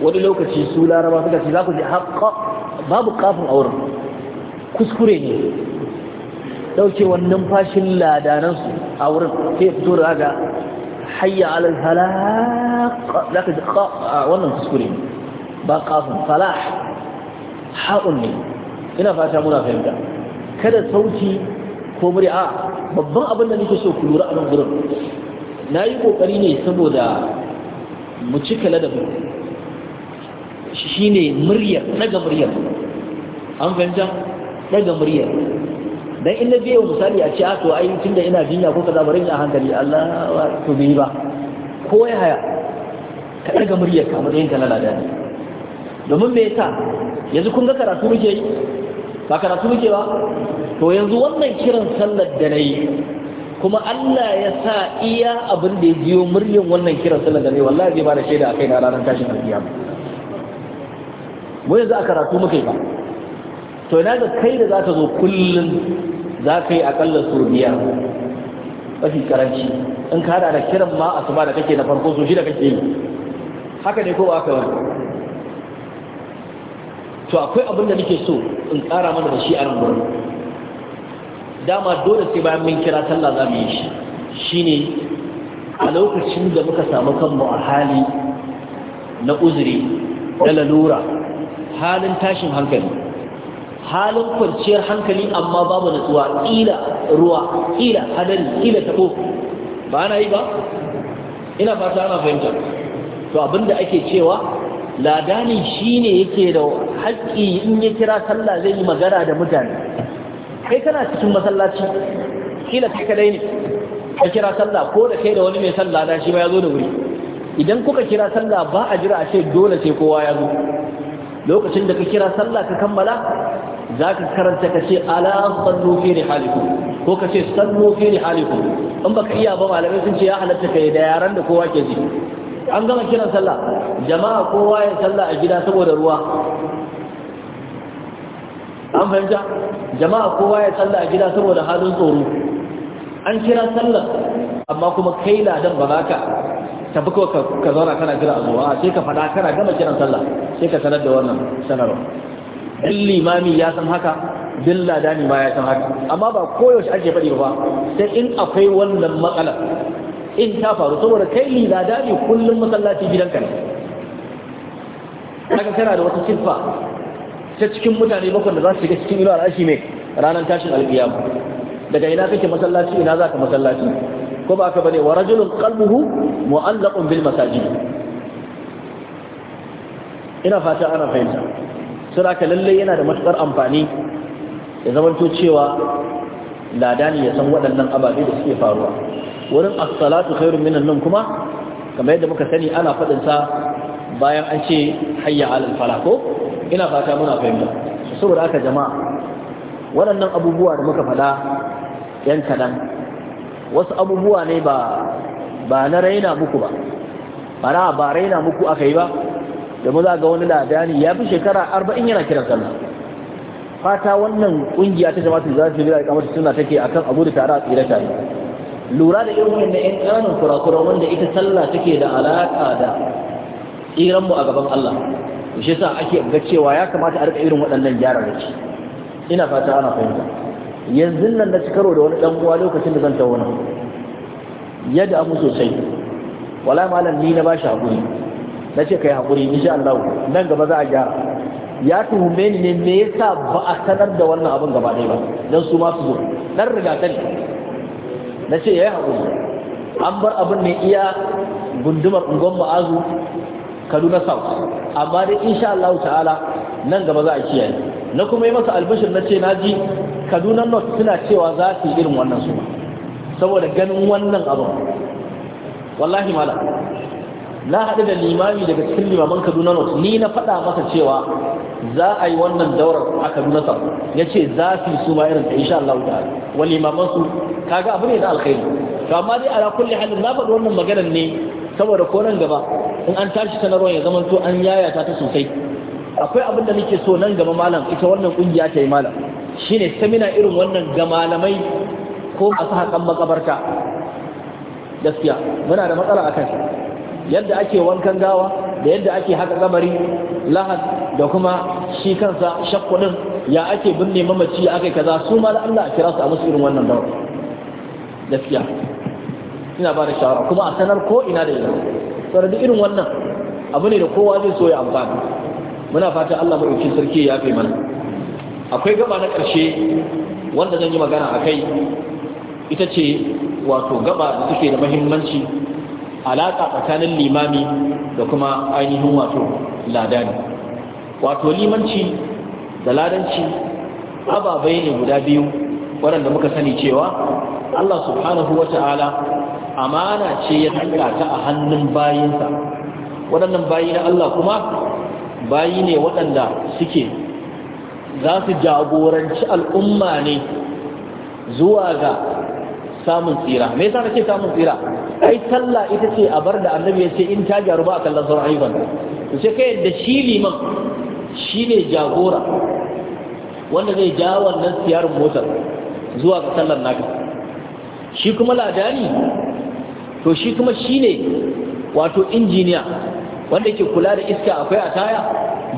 wani lokaci su laraba suka ce za ku ji haƙa babu kafin auren kuskure ne ɗaukewar numfashin ladanansu a wurin sai fito da ga hayya alal halaq za ka ji wannan kuskure ne ba kafin falah haƙun ne ina fata muna fahimta kada sauti ko murya babban abin da nake so ku lura a nan gurin na yi ƙoƙari ne saboda mu cika ladabin shi ne muryar daga muryar an fahimta daga muryar dan in na biyo misali a ce a ah, to ai tunda ina jinya ko kaza bari in a hankali Allah wa to bai ba ko ya haya ka daga muryar ka matsayin ka lalada ne domin me yasa yanzu kun ga karatu muke yi ba karatu muke ba to yanzu wannan kiran sallar da nayi kuma Allah ya sa iya abin da ya biyo muryin wannan kiran sallar da ne wallahi zai bada shaida akai na ranar tashin alkiyama mu yanzu a karatu muka yi ba to ina ga kai da zaka zo kullun zaka yi akalla sau biyar mafi karanci in ka hada da kiran ma asuba da kake na farko so shi da kake yi haka ne ko aka wani to akwai abin da nake so in kara mana da shi a nan gurin dama dole sai bayan mun kira sallah za mu yi shi shine a lokacin da muka samu kanmu a hali na uzuri da lalura halin tashin hankali halin kwanciyar hankali amma babu natsuwa ila ruwa ila hadari ila tako ba na yi ba ina fata ana fahimta to abinda ake cewa ladani shine yake da haƙƙi in ya kira sallah zai yi magana da mutane kai kana cikin masallaci kila kai kadai ne ka kira sallah ko da kai da wani mai sallah da shi ba ya zo da wuri idan kuka kira sallah ba a jira a ce dole sai kowa ya zo lokacin da ka kira sallah ka kammala za ka karanta ka ce ala sallu fi rihalikum ko ka ce sallu fi rihalikum in baka iya ba malamai sun ce ya halatta kai da yaran da kowa ke ji an gama kiran sallah jama'a kowa ya sallah a gida saboda ruwa an fahimta jama'a kowa ya tsalla a gida saboda halin tsoro an kira sallar amma kuma kai ladan ba za ka tafi ko ka zauna kana jira a zuwa sai ka faɗa kana gama kiran sallah sai ka sanar da wannan sanarwa in limami ya san haka bin ladani ma ya san haka amma ba koyaushe ake faɗi ba sai in akwai wannan matsala in ta faru saboda kai ladani kullum masallaci gidanka ne kaga kana da wata siffa ta cikin mutane bakwai da za su shiga cikin inuwar ashi mai ranar tashin alƙiyama daga ina kake masallaci ina za ka masallaci ko ba ka bane wa rajulun qalbuhu mu'allaqun bil masajid ina fata ana fahimta sura ka lalle yana da matukar amfani ya zamanto cewa ladani ya san waɗannan ababe da suke faruwa wurin as-salatu khairun minan nan kuma kamar yadda muka sani ana faɗin sa bayan an ce hayya alal fala ko ina fata muna fahimta saboda haka jama'a waɗannan abubuwa da muka faɗa yan kaɗan wasu abubuwa ne ba ba na raina muku ba ba na ba raina muku aka yi ba mu za ga wani ladani ya fi shekara arba'in yana kiran sallah fata wannan ƙungiya ta jama'a za su da kamar suna take akan abu da tare a tsira tare lura da irin wannan yan ƙananan kurakura wanda ita sallah take da alaƙa da tsiranmu a gaban Allah shi yasa ake ga cewa ya kamata a rika irin waɗannan gyararraki ina fata ana fahimta yanzu nan na ci karo da wani dan uwa lokacin da zan ta wani ya da sosai wala malam ni na ba shi hakuri na ce kai hakuri insha Allah nan gaba za a gyara ya tuhume ni ne me yasa ba a sanar da wannan abin gaba ɗaya ba dan su ma su zo dan ne na ce yayi hakuri an bar abin ne iya gundumar ungon ma'azu kaduna south amma dai insha Allah ta'ala nan gaba za a kiyaye na kuma yi masa albishir na ce naji kaduna north suna cewa za su yi irin wannan su saboda ganin wannan abu wallahi mala na haɗu da limami daga cikin limaman kaduna north ni na faɗa masa cewa za a yi wannan daurar a kaduna south ya ce za su yi su ma irin insha Allah ta'ala wani limaman su kaga abu ne na alkhairi to amma dai ala kulli halin na faɗi wannan maganar ne saboda ko nan gaba in an tashi sanarwar ya zama to an yayata ta sosai akwai abin da nake so nan gaba malam ita wannan kungiya ta yi malam shine samina irin wannan ga malamai ko masu haƙan makabarta gaskiya muna da matsala a kan yadda ake wankan gawa da yadda ake haka kamari lahad da kuma shi kansa shakkudin ya ake binne mamaci akai kaza su ma Allah a kira su a musu irin wannan dawa gaskiya ina ba da shawara kuma a sanar ko ina da ina nasara da irin wannan abu ne da kowa zai so ya amfani muna fata Allah madaukakin sarki ya fi mana akwai gaba na ƙarshe wanda zan yi magana a kai ita ce wato gaba da suke da mahimmanci alaƙa tsakanin limami da kuma ainihin wato ladani wato limanci da ladanci ababai ne guda biyu waɗanda muka sani cewa Allah subhanahu wa ta'ala amana ce ya danka ta a hannun bayinsa waɗannan bayi na Allah kuma bayi ne waɗanda suke za su jagoranci al'umma ne zuwa ga samun tsira me yasa nake samun tsira ai sallah ita ce a bar da annabi ya ce in ta gyaru ba a kallon sauran ayyukan to sai kai da shi liman shi ne jagora wanda zai ja wannan siyar motar zuwa ga sallar naka shi kuma ladani to shi kuma shine wato injiniya wanda ke kula da iska akwai a taya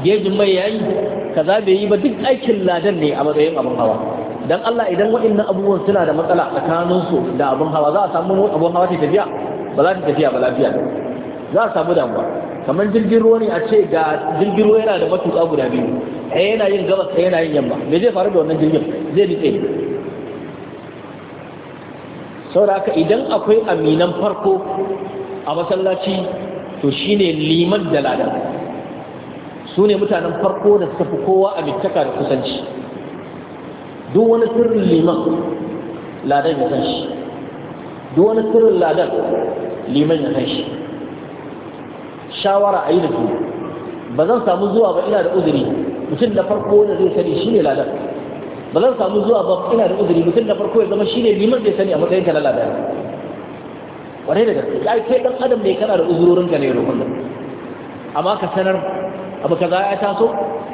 gejin mai yayi kaza bai yi ba duk aikin ladan ne a matsayin abin hawa dan Allah idan waɗannan abubuwan suna da matsala tsakanin su da abin hawa za a samu abin hawa ta tafiya ba za ta tafiya ba lafiya za a samu damuwa kamar jirgin ruwa ne a ce ga jirgin ruwa yana da matuƙa guda biyu ɗaya yana yin gabas ɗaya yana yin yamma me zai faru da wannan jirgin zai nitse sauraka idan akwai aminan farko a masallaci to shine liman da ladan su ne mutanen farko da suka fi kowa a mintaka da kusanci duk wani sirrin liman ladan ya san shi duk wani sirrin ladan liman ya san shi shawara a yi da ba zan samu zuwa ba ina da uzuri mutum da farko da zai sani shi ne ladan ba zan samu zuwa ba ina da uzuri mutum na farko ya zama shi ne da ya sani a matsayin ka lalata. ladan kwarai da gaske ai kai dan adam ne kana da uzurorin ka ne rukun amma ka sanar abu kaza ya taso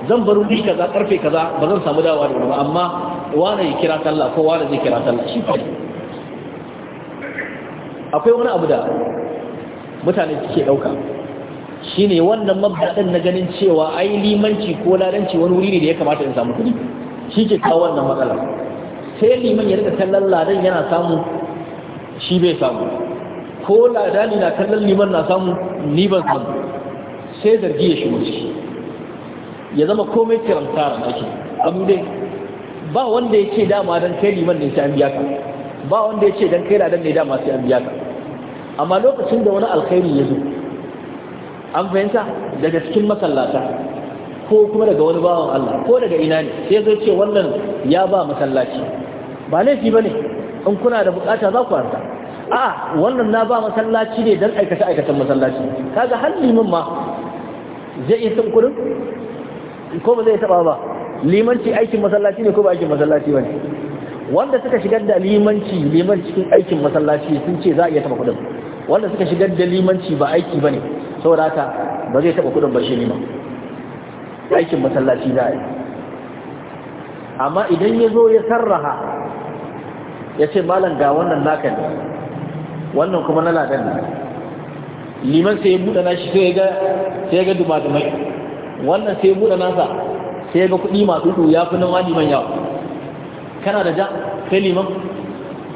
zan baro ni kaza karfe kaza ba zan samu dawa da ba amma wani ya kira sallah ko wani zai kira sallah shi fa akwai wani abu da mutane suke dauka shine wannan mabda'in na ganin cewa ai limanci ko ladanci wani wuri ne da ya kamata in samu kudi shi ke kawo wannan matsalar sai liman ya rika kallon ladan yana samu shi bai samu ko ladani na kallon liman na samu ni ban samu sai zargi ya shigo shi ya zama komai kiramtara ake abu dai ba wanda ya ce dama don kai liman ne sai an biya ka ba wanda ya ce don kai ladan ne dama sai an biya ka amma lokacin da wani alkhairi ya zo an fahimta daga cikin masallata ko kuma daga wani bawan Allah ko daga ina ne sai zai ce wannan ya ba masallaci ba laifi bane in kuna da bukata za ku harta a wannan na ba masallaci ne dan aikata aikatan masallaci kaga har liman ma zai yi sun kudin ko ba zai taba ba limanci aikin masallaci ne ko ba aikin masallaci bane wanda suka shigar da limanci liman cikin aikin masallaci sun ce za a iya taba kudin wanda suka shigar da limanci ba aiki bane saboda haka ba zai taba kudin ba shi liman aikin masallaci za a yi amma idan ya zo ya sarraha ya ce malam ga wannan naka ne wannan kuma na ladan ne liman sai ya buɗa nashi sai ya ga sai ya ga dumadumai wannan sai ya buɗa nasa sai ya ga kuɗi masu ɗu ya fi nawa liman yawa kana da ja sai liman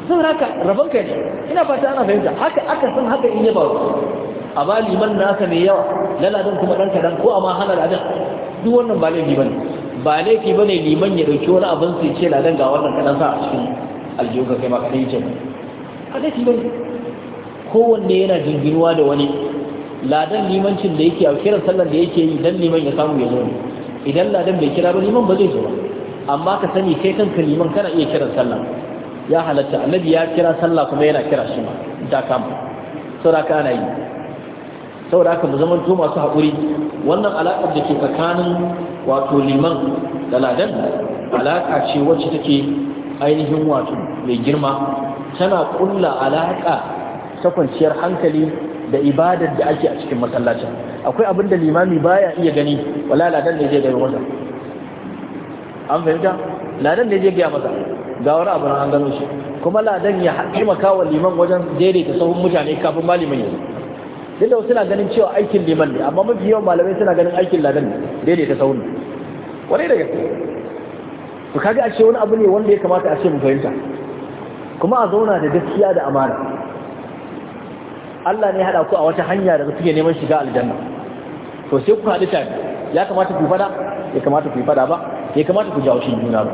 sun haka rabon ka ne ina fata ana fahimta haka aka san haka in yaba a ba liman naka mai yawa laladin kuma ɗan kaɗan ko a ma hana ladan duk wannan ba laifi bane ba laifi bane liman ya ɗauki wani abin sai ce ladan ga wannan kaɗan sa a cikin aljihu ka kai ma kaɗan yake ba laifi bane kowanne yana jinginwa da wani ladan limancin da yake a kiran sallar da yake yi dan liman ya samu ya zo ne idan ladan bai kira ba liman ba zai zo ba amma ka sani kai kanka liman kana iya kiran sallah ya halatta annabi ya kira sallah kuma yana kira shi ma da kama saboda ka ana yi saboda haka mu zaman to masu haƙuri wannan alaƙar da ke tsakanin wato liman da ladan alaƙa ce wacce take ainihin wato mai girma tana ƙulla alaƙa ta kwanciyar hankali da ibadar da ake a cikin masallacin akwai abin da limami baya iya gani wala ladan ne zai gari masa an fahimta ladan ne zai gaya masa ga wani abu an gano shi kuma ladan ya taimaka wa liman wajen daidaita sahun mutane kafin malimin yanzu duk da wasu na ganin cewa aikin liman ne amma mafi yawan malamai suna ganin aikin ladan ne ta sauni Wani da gaske to kaga a ce wani abu ne wanda ya kamata a ce mu fahimta kuma a zauna da gaskiya da amana Allah ne haɗa ku a wata hanya da suke neman shiga aljanna to sai ku hadu tare ya kamata ku fada ya kamata ku fada ba ya kamata ku jawo shi juna ba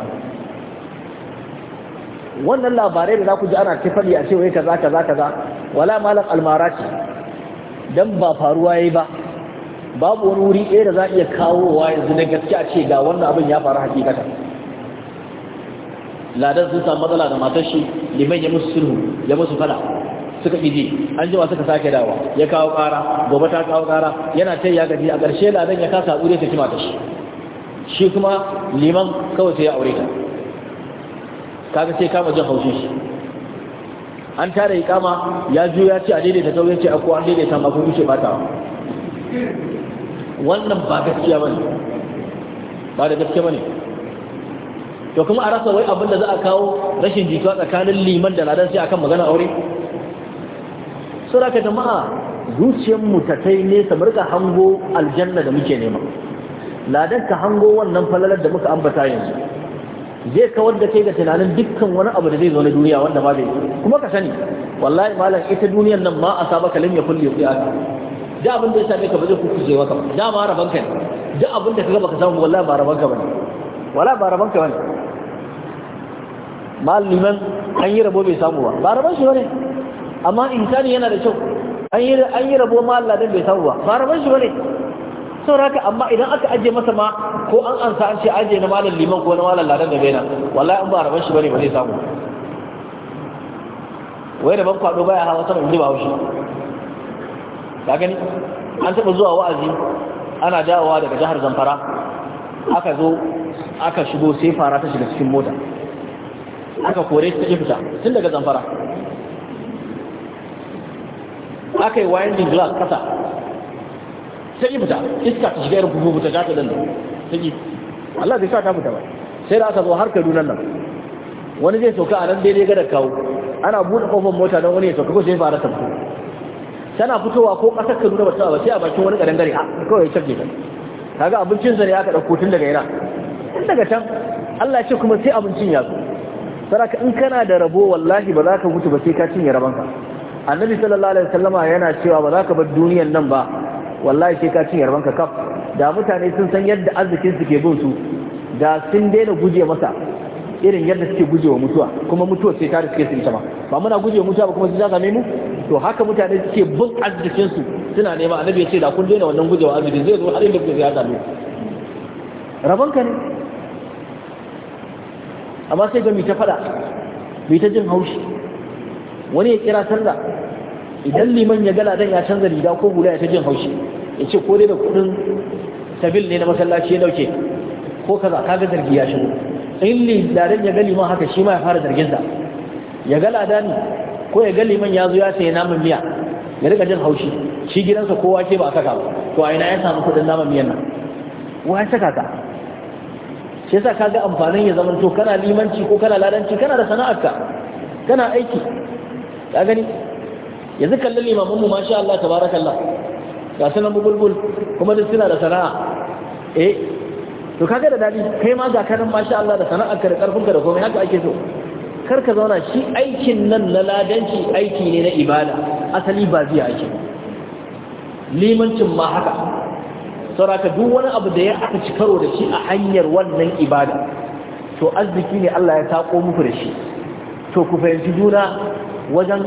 wannan labarai da za ku ji ana tafali a cewa kaza kaza kaza wala malam almara ce dan ba faruwa yayi ba babu wani wuri ɗaya da za a iya wa yanzu na gaske a ce ga wannan abin ya faru hakikata ladan sun samu matsala da matar shi liman ya musu sulhu ya musu fada suka ɗiɗi an jima suka sake dawa ya kawo ƙara gobe ta kawo ƙara yana ta ya gaji a ƙarshe ladan ya kasa aure ta kima ta shi shi kuma liman kawai sai ya aure ta kaga sai kama jin haushin shi an tara ikama ya zo ya ce a daidaita sau ce a ko an daidaita ma kun ce bata wannan ba gaskiya bane ba da gaskiya bane to kuma a rasa wai abin da za a kawo rashin jituwa tsakanin liman da ladan sai akan magana aure saboda jama'a zuciyarmu ta tai nesa mu murka hango aljanna da muke nema ladan ka hango wannan falalar da muka ambata yanzu zai kawar da kai ga tunanin dukkan wani abu da zai zo na duniya wanda ba bai kuma ka sani wallahi malam ita duniyar nan ma a saba kalin ya kulle ku aka da abin da ya same ka ba zai ku kuje maka da ma raban ka da abin da gaba ka samu wallahi ba raban ka bane wallahi ba raban ka bane maliman an yi rabo bai samu ba ba raban shi bane amma insani yana da kyau an yi rabo ma Allah dan bai samu ba ba raban shi bane sauraka amma idan aka aje masa ma ko an ansa an ce aje na malam liman ko na malam ladan da bena wallahi an ba rabar shi bane ba zai samu wai da ban kwado baya hawa sama inda ba haushi Da gani an taba zuwa wa'azi ana dawowa daga jihar Zamfara aka zo aka shigo sai fara ta shiga cikin mota aka kore ta fita tun daga Zamfara aka yi winding glass kasa sai yi fita iska ta shiga irin fufu fita ta dan sai yi Allah zai sa ta fita ba sai da aka zo har Kaduna nan wani zai sauka a nan daidai ga da kawo ana buɗe kofar mota don wani ya sauka ko sai fara ta tana fitowa ko ƙasar Kaduna ba ta ba sai a bakin wani ƙadangare a ah, kawai ya cafke ta kaga abincin sa ne aka ɗauko tun daga yana tun daga can Allah ya ce kuma sai abincin ya zo saraka in kana da rabo wallahi ba za ka mutu ba sai ka cinye rabanka annabi sallallahu alaihi wasallama yana cewa ba za ka bar duniyar nan ba wallahi sai ka cin ka kaf da mutane sun san yadda arzikin su ke bin su da sun daina guje masa irin yadda suke guje wa mutuwa kuma mutuwa sai ta riske su ita ma ba muna guje wa mutuwa ba kuma sai ta mu to haka mutane suke bin arzikin su suna nema annabi ya ce da kun daina wannan gujewa arziki zai zo har inda kuke ya rabon ka ne amma sai ga mi ta fada mi ta jin haushi wani ya kira sallah idan liman ya gala dan ya canza riga ko hula ya ta jin haushi ya ce ko dai da kudin sabil ne na masallaci ya dauke ko kaza kaga zargi ya shigo in daren ya ga liman haka shi ma ya fara zargin ya ga ladani ko ya ga liman ya zo ya sayi naman miya ya rika jin haushi shi gidansa kowa ke ba saka ba to a ina ya samu kudin naman miyan nan wa ya saka ka shi yasa kaga amfanin ya zama to kana limanci ko kana ladanci kana da sana'arka kana aiki ka gani yanzu kallon limamin mu masha Allah tabarakallah ga sunan bulbul kuma duk suna da sana'a eh to kaga da daɗi kai ma ga kanin masha Allah da sana'a ka da karfinka da komai haka ake so kar ka zauna shi aikin nan na ladanci aiki ne na ibada asali ba biya ake limancin ma haka sauraka duk wani abu da ya aka ci karo da shi a hanyar wannan ibada to arziki ne Allah ya tako muku da shi to ku fahimci juna wajen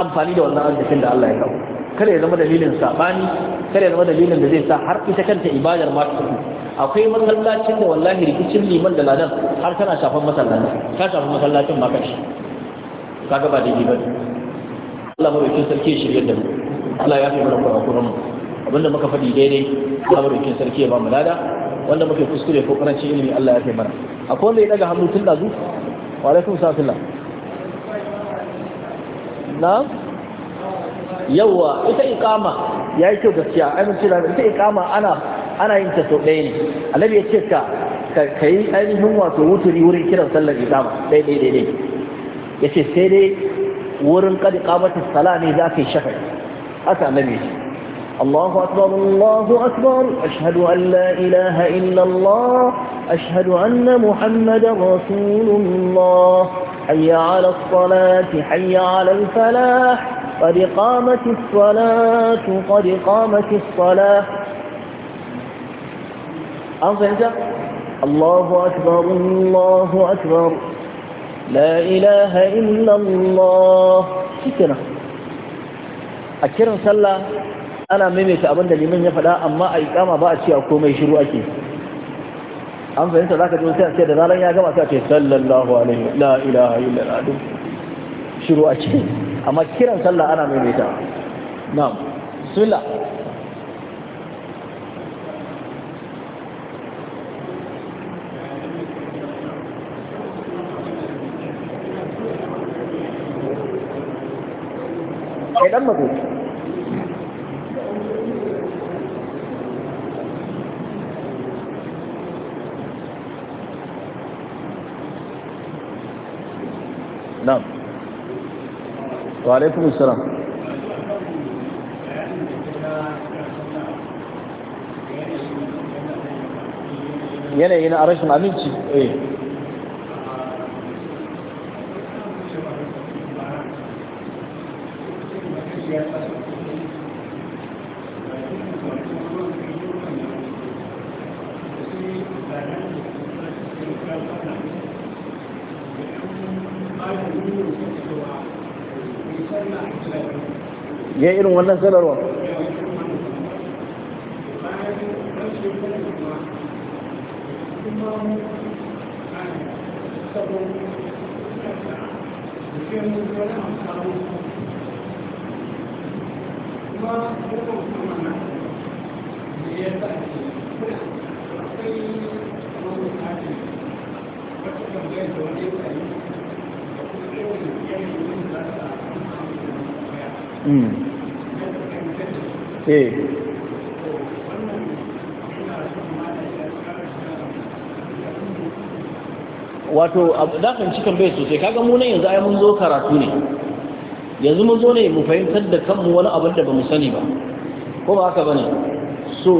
amfani da wannan arzikin da Allah ya kawo kada ya zama dalilin sabani kada ya zama dalilin da zai sa har ita kanta ibadar ma ta akwai masallacin da wallahi rikicin liman da ladan har tana shafan masallacin ta shafan masallacin ma kashi ga ba da ba Allah madaukakin sarki ya shirye da mu Allah ya fi mana kurakuran mu abinda muka faɗi daidai Allah madaukakin sarki ya ba mu lada wanda muke kuskure ko karancin ilimi Allah ya fi mana akwai wanda ya daga hannu tun da zu wa alaikum assalam na yawa ita ikama ya yi kyau gaskiya amince da ita ikama ana ana yin ta sau ɗaya ne annabi ya ce ka ka yi ainihin wato wuturi wurin kiran sallar ikama ɗaya ɗaya ɗaya ya ce sai dai wurin kadi kamatin sala ne za ka yi shafai haka annabi ce الله أكبر الله أكبر أشهد أن لا إله إلا الله أشهد أن محمدا رسول الله حي على الصلاة حي على الفلاح قد قامت الصلاة قد قامت الصلاة أنصحت الله أكبر الله أكبر لا إله إلا الله شكرا أكرم صلى أنا ميميك أبدا لمن يفعل أما أيقام بأتي أو كومي شروع أكيد an fahimta za ka ji sai a da zaran ya gama sa ce sallallahu alaihi la ilaha illa ladu shiru a cikin, amma kiran sallah ana maimaita ta na. sula dan magoci wa alaikum assalam yanayi na rashin aminci eh. ya irin wannan sanarwa wato na fahimci bai sosai kaga mu nan yanzu ai mun zo karatu ne yanzu mun zo ne mu fahimtar da kanmu wani abin da bamu sani ba ko ba haka bane so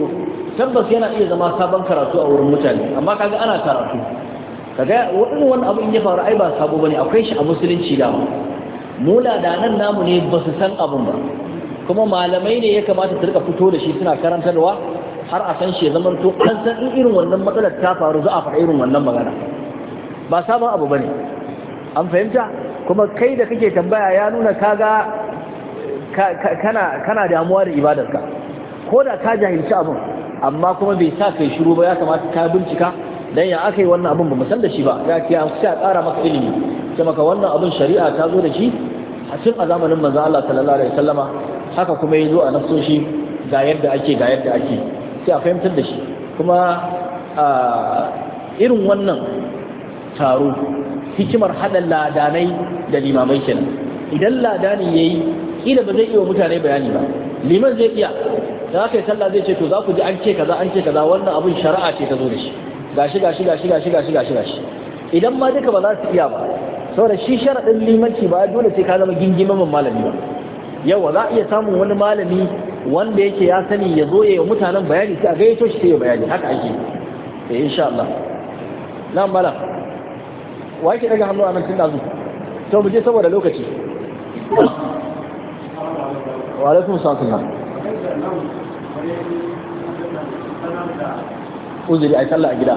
tabbas yana iya zama sabon karatu a wurin mutane amma kaga ana karatu kaga wani wani abin ya faru ai ba sabo bane akwai shi a musulunci da mu nan namu ne ba su san abin ba kuma malamai ne ya kamata su rika fito da shi suna karantarwa har a san shi zaman to an san irin wannan matsalar ta faru za a faɗa irin wannan magana ba sabon abu ba ne. an fahimta kuma kai da kake tambaya ya nuna kaga kana damuwa da ibadarka ko da ka jahilci abin amma kuma bai sa kai shiru ba ya kamata ka bincika dan ya akai wannan abin ba san da shi ba ya ce sai a ƙara maka ilimi sai maka wannan abin shari'a ta zo da shi a cikin a zamanin manzo Allah sallallahu alaihi wasallama haka kuma yazo a nasoshi ga yadda ake ga yadda ake sai a fahimtar da shi kuma irin wannan taro hikimar hada ladanai da limamai kenan idan ladani yi ƙila ba zai iya mutane bayani ba liman zai iya da aka yi sallah zai ce to za ku ji an ce kaza an ce kaza wannan abin shari'a ce ta zo da shi gashi gashi gashi gashi gashi gashi gashi idan ma duka ba za su iya ba saboda shi sharaɗin limanci ba dole sai ka zama gingimamin malami ba yawa za a iya samun wani malami wanda yake ya sani ya zo ya yi mutanen bayani sai a gayyato shi sai ya bayani haka ake eh insha Allah na wa daga hannu a nan tun da to mu je saboda lokaci wa alaikum salam uzuri ai sallah a gida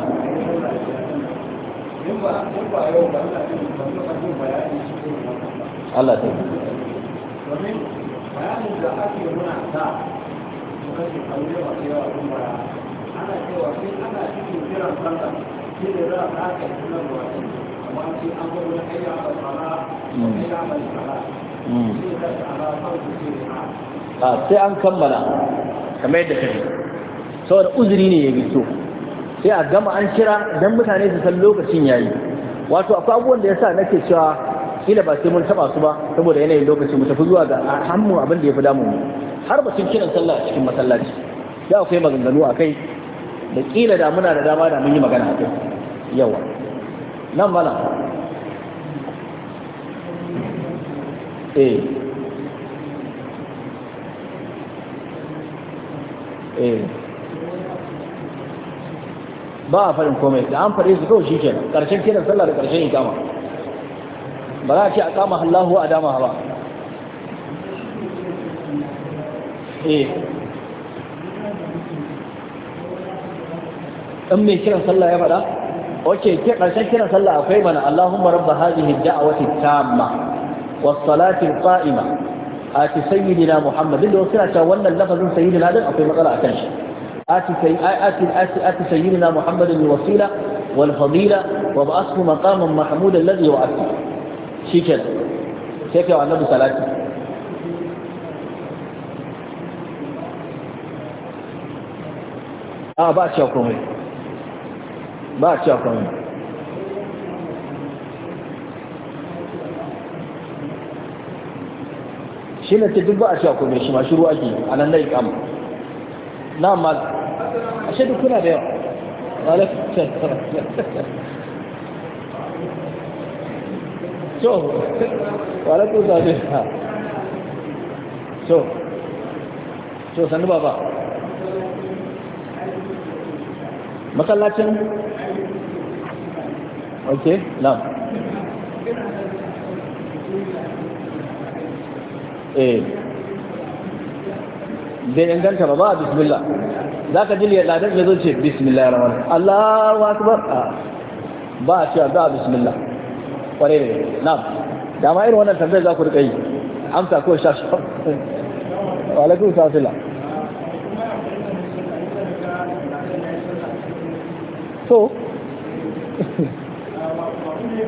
Allah ta bayanin da ake muna sa su kashe aure masu yawa sun ana cewa sai ana cikin jiran sallah shi ne za a aka Hmm. a ah, sai an kammala kamar yadda kare saboda uzuri ne ya gito sai a gama an kira don mutane su san lokacin yayi wato akwai abubuwan da yasa nake cewa kila ba sai mun taba su ba saboda yanayin lokaci mu tafi zuwa ga hannun abin da ya fi damu har batun kiran sallah cikin masallaci da akwai maganganu a kai da kila da muna da dama da mun yi magana a kai yawa nan mana eh. Eh. ba a farin komai da an fari su kawo shi ke ƙarshen kiran sallah da ƙarshen ikama ba za a ce a kama hallahu a dama ba eh. in mai kiran sallah ya faɗa oke ke ƙarshen kiran sallah akwai mana Allahumma rabba hadhihi da'wati tamma was salati qa'ima ati sayyidina Muhammad duk da wasu suna cewa wannan lafazin sayyidina din akwai matsala a kanshi ati sayyi ati ati ati sayyidina Muhammad bil wasila wal fadila wa ba'athu maqaman mahmudan alladhi wa'ata shikenan sai kai annabi salati a ba a cewa komai ba a cewa kwanu shi ne duk ba a cewa kwanu shi ma shiru ake a nan na ikamu na ma a shaidu kuna da yawa so walakun zaɓe ha so so sannu ba. masallacin okay na'am eh bai inganta ba ba a bismillah za ka jiliya ladar da zo ce bismillah rahman allahu akbar ba a cewa ba a bismillah kwarai da na'am dama irin wannan tambayar za ku rika yi amsa ko sha sha wa alaikum salam so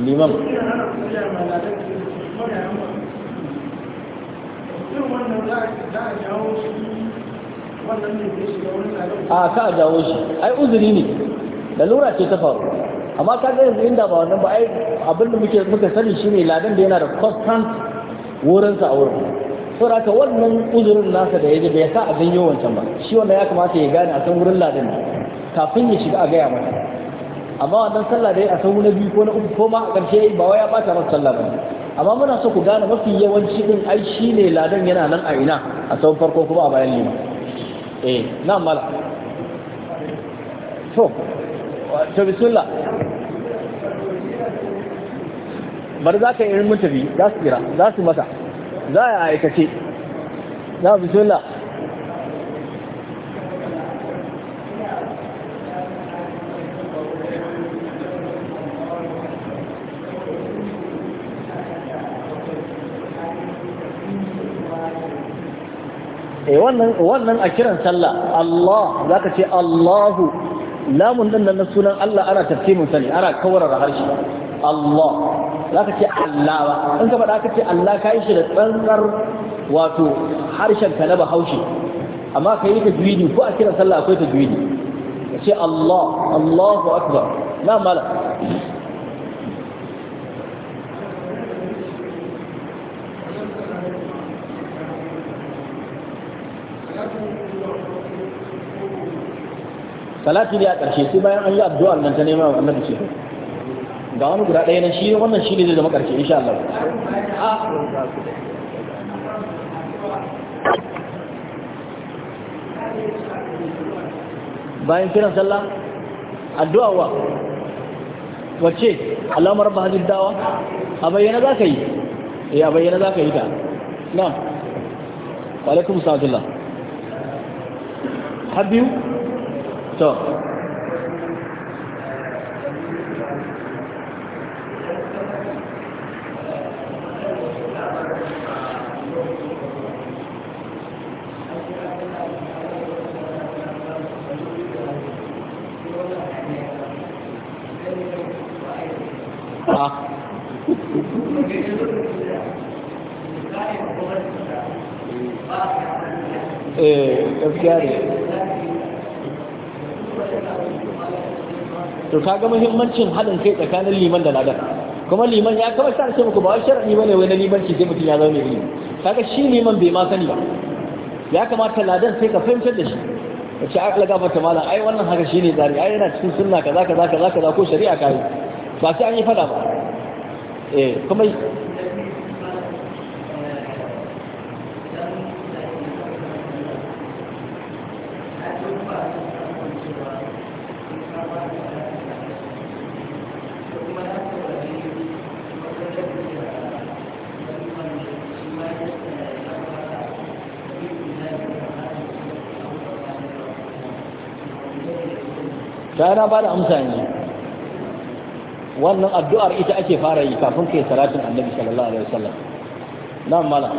liman a ka a jawo shi ai uzuri ne da lura ce ta faru amma ka ga yanzu inda ba wannan ba ai abinda muke muka sani shine ladan da yana da constant wurinsa a wurin saboda ka wannan uzurin nasa da ya ji bai sa a janyo wancan ba shi wannan ya kamata ya gane a san wurin ladan ne kafin ya shiga a gaya mata amma wannan sallah da ya a sahu na biyu ko na uku ko ma a ƙarshe ya ba wai ya ɓata masa sallah ba amma muna so ku gane mafi yawanci din ai shi ne ladan yana nan a ina a tsawon farko kuma a bayan lima eh na mala to to bismillah bari za ka yi irin mutabi za su kira za su mata, za a aikace na bismillah E wannan a kiran sallah Allah zaka ce Allahu lamun nan na sunan Allah ana tafsirin sani ana kawarara harshe Allah zaka ce Allah ba in ka faɗa ka ce Allah kai shi da tsantsar wato harshen ka na Bahaushe amma ka yi ta juidi ko a kiran sallah akwai ta Ka ce Allah Allahu akbar na mala salati ne a ƙarshe sai bayan an yi addu'ar nan ta nema wannan ce ga wani guda ɗaya na shi wannan shi ne zai zama ƙarshe insha Allah bayan kiran sallah addu'a wa wacce Allah ba hajjin dawa a bayyana za ka yi eh, a bayyana za ka yi ta na alaikum sa'adullah har biyu to ka ga muhimmancin haɗin kai tsakanin liman da ladan kuma liman ya kama sa ce muku ba wai sharadi bane wai na limanci sai mutum ya zama mai ilimi kaga shi liman bai ma sani ba ya kamata ladan sai ka fahimtar da shi wace aka lagafa ta malam ai wannan haka shine tsari ai yana cikin sunna kaza kaza kaza kaza ko shari'a kai ba sai an yi fada ba eh kuma ta na ba da amsa ne wannan addu'ar ita ake fara yi kafin kai salatin annabi sallallahu alaihi wasallam na malam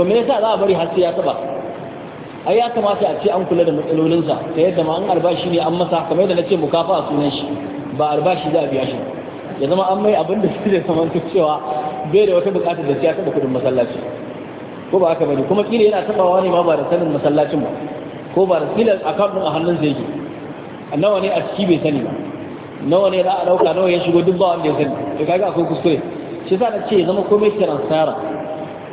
to me yasa za a bari har sai ya taba ai ya kamata a ce an kula da matsalolinsa ta yadda ma an albashi ne an masa kamar yadda na ce mukafa a sunan shi ba albashi za a biya shi ya zama an mai abin da su zai zama cewa bai da wata bukatar da ya taɓa kudin masallaci ko ba haka bane kuma kila yana tabawa ne ma ba da sanin masallacin ba ko ba da kila account din a hannun sa yake nawa ne a ciki bai sani ba nawa ne za a dauka nawa ya shigo duk ba wanda ya sani to kaga akwai kuskure shi yasa na ce zama komai transparent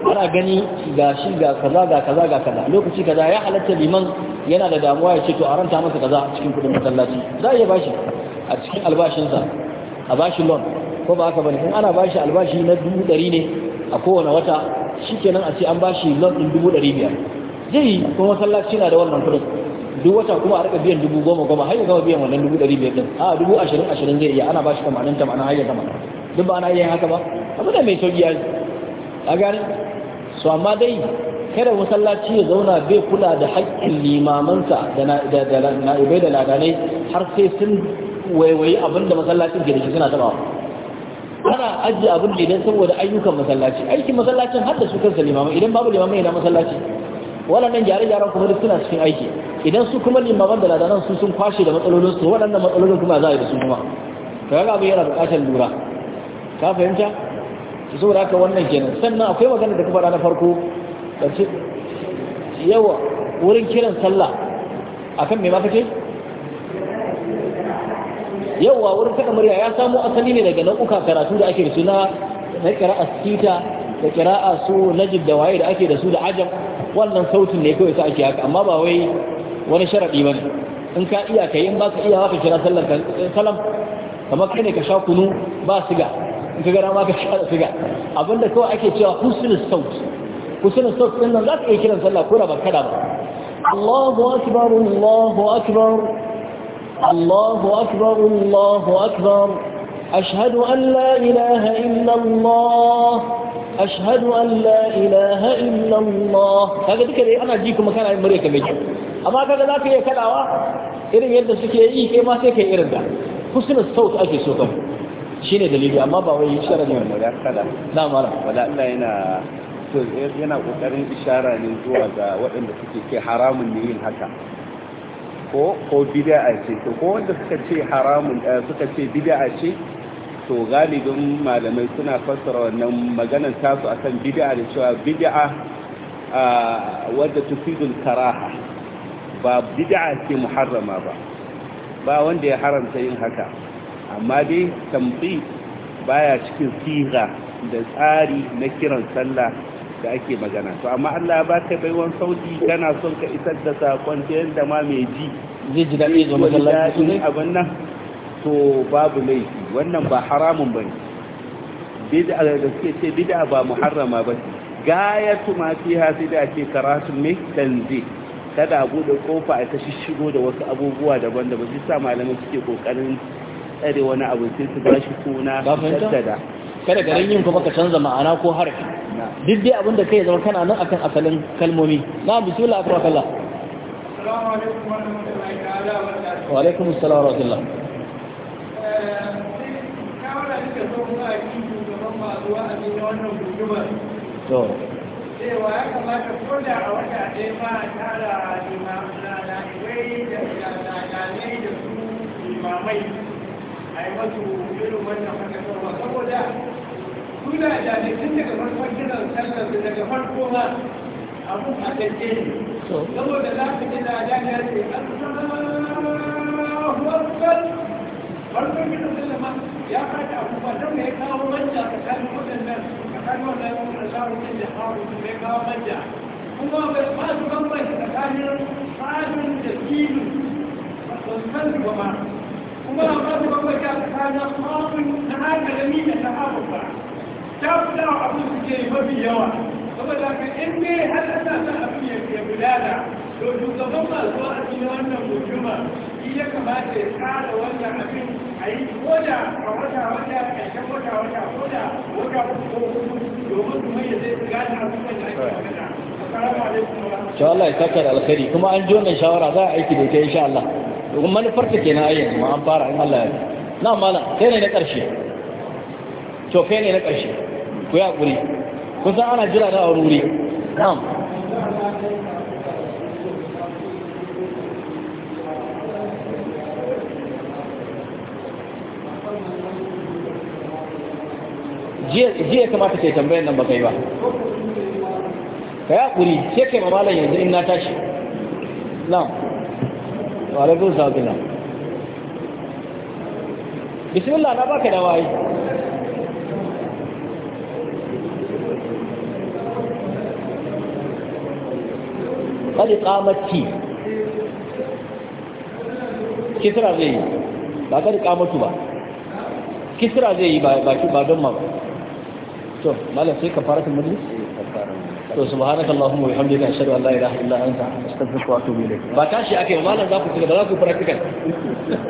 ana gani ga shi ga kaza ga kaza ga kaza lokaci kaza ya halatta liman yana da damuwa ya ce to a ranta masa kaza a cikin kudin masallaci za a iya bashi a cikin albashinsa a bashi loan ko ba haka bane in ana bashi albashi na dubu ɗari ne a kowane wata shikenan a ce an bashi loan ɗin dubu ɗari biyar zai yi kuma masallaci na da wannan kudin duk wata kuma a rika biyan dubu goma goma har ya gama biyan wannan dubu ɗari biyar ɗin a dubu ashirin ashirin zai iya ana bashi tamanin tamanin har ya gama duk ba ana iya yin haka ba abu da mai sauki ya a gani to amma dai kada masallaci ya zauna bai kula da haƙƙin limamansa da na'ibai da ladanai har sai sun waiwayi abinda masallacin ke da shi suna taɓa ana ajiye abin da idan saboda ayyukan masallaci aikin masallacin har da su kansa limamai idan babu limamai na masallaci waɗannan gyare-gyaren kuma duk suna cikin aiki idan su kuma limaman da ladanan su sun kwashe da matsalolinsu waɗannan matsalolin kuma za a yi da su kuma kaga abin yana buƙatar lura ka fahimta su saboda haka wannan kenan sannan akwai magana da kuma na farko ƙarshe yawa wurin kiran sallah akan me ma kace yawa wurin saka murya ya samo asali ne daga nau'uka karatu da ake da su na na qira'a sita da qira'a su najib da waye da ake da su da ajam wannan sautin ne kawai sa ake haka amma ba wai wani ba ne. in ka iya ka yi in ba ka iya ka kira sallar salam kamar kai ne ka sha kunu ba siga in ka gara ma ka kada siga abinda kawai ake cewa husnul saut husnul saut ɗin nan za ka iya kiran sallah ko da ba kada ba Allahu akbar Allahu akbar Allahu akbar Allahu akbar ashhadu an la ilaha illa Allah ashhadu an la ilaha illa Allah kaga duka dai ana ji kuma kana yin murya kamar amma kaga za ka iya kadawa irin yadda suke yi kai ma sai kai irin da husnul saut ake so kai shi ne dalili amma ba wai sharadi ne ya kada na mara wadda Allah yana so yana kokarin ishara ne zuwa ga waɗanda suke ke haramun ne yin haka ko ko bid'a ce to ko wanda suka ce haramun eh, suka ce bid'a ce to galibin malamai suna fassara wannan maganar tasu akan bid'a da cewa bid'a wadda tufidul karaha ba bid'a ce muharrama ba ba wanda ya haramta yin haka amma dai tamfi baya cikin siga da tsari na kiran sallah da ake magana to amma Allah ba ka baiwan sauti kana son ka isar da sakon ta yadda ma mai ji zai ji ga masallaci ne abin nan to babu laifi wannan ba haramun bane bid'a da gaske ce bid'a ba muharrama ba gayatu ma fiha sai da ake karatu ne tanzi kada a bude kofa a ta shigo da wasu abubuwa daban-daban shi sa malamai suke kokarin tsare wani abu sai su ba suna jaddada kada garin yin kuma ka canza ma'ana ko harfi duk dai abinda kai zama kana nan akan asalin kalmomi na bismillah akbar kallah assalamu alaikum warahmatullahi ta'ala wa wa alaikum assalam wa rahmatullah to eh, cewa ya kamata ko da a wata ɗaya ma tara limamai da su a yi masu irin wannan fadakarwa saboda suna da tun sallar da farko ma a za ma ya fata don kawo manja tsakanin kawo manja kuma bai masu bambanci tsakanin tsarin da filin ba ba kuma labarin babbaka tsakanin mamun na hakalami da ta haɓar ba ta fi dawa abin su ke mafi yawa saboda ka in ne har ana sa abin ya ke gudana to shugaban masu a cikin wannan mutuma shi ya kamata ya tsara wannan abin a yi koda a wata wata ƙarshen wata wata koda wata ko hudu domin kuma ya zai gane abubuwan da ake magana. Allah ya sakar alkhairi kuma an ji wannan shawara za a aiki da ita insha Allah. domin manufarta na ayyan ma an fara in Allah ya na malam kai ne na ƙarshe to kai ne na ƙarshe ku ya ƙuri san ana jira na aruri na'am jiya kamata ke tambayar nan ba kai ba ka yi haƙuri sai kai mamalan yanzu in na tashi na'am वालेकुम सलाम बिस्मिल्लाह ना पाके दवाई कल इकामत की किस तरह से ही ba ka ikamatu ba kisra zai yi ba ba don ma to malam sai ka fara ta majlis to subhanaka allahumma wa bihamdika ashhadu an la ilaha illa anta astaghfiruka wa atubu ilayk ba tashi akai malam za ku ci gaba za ku practical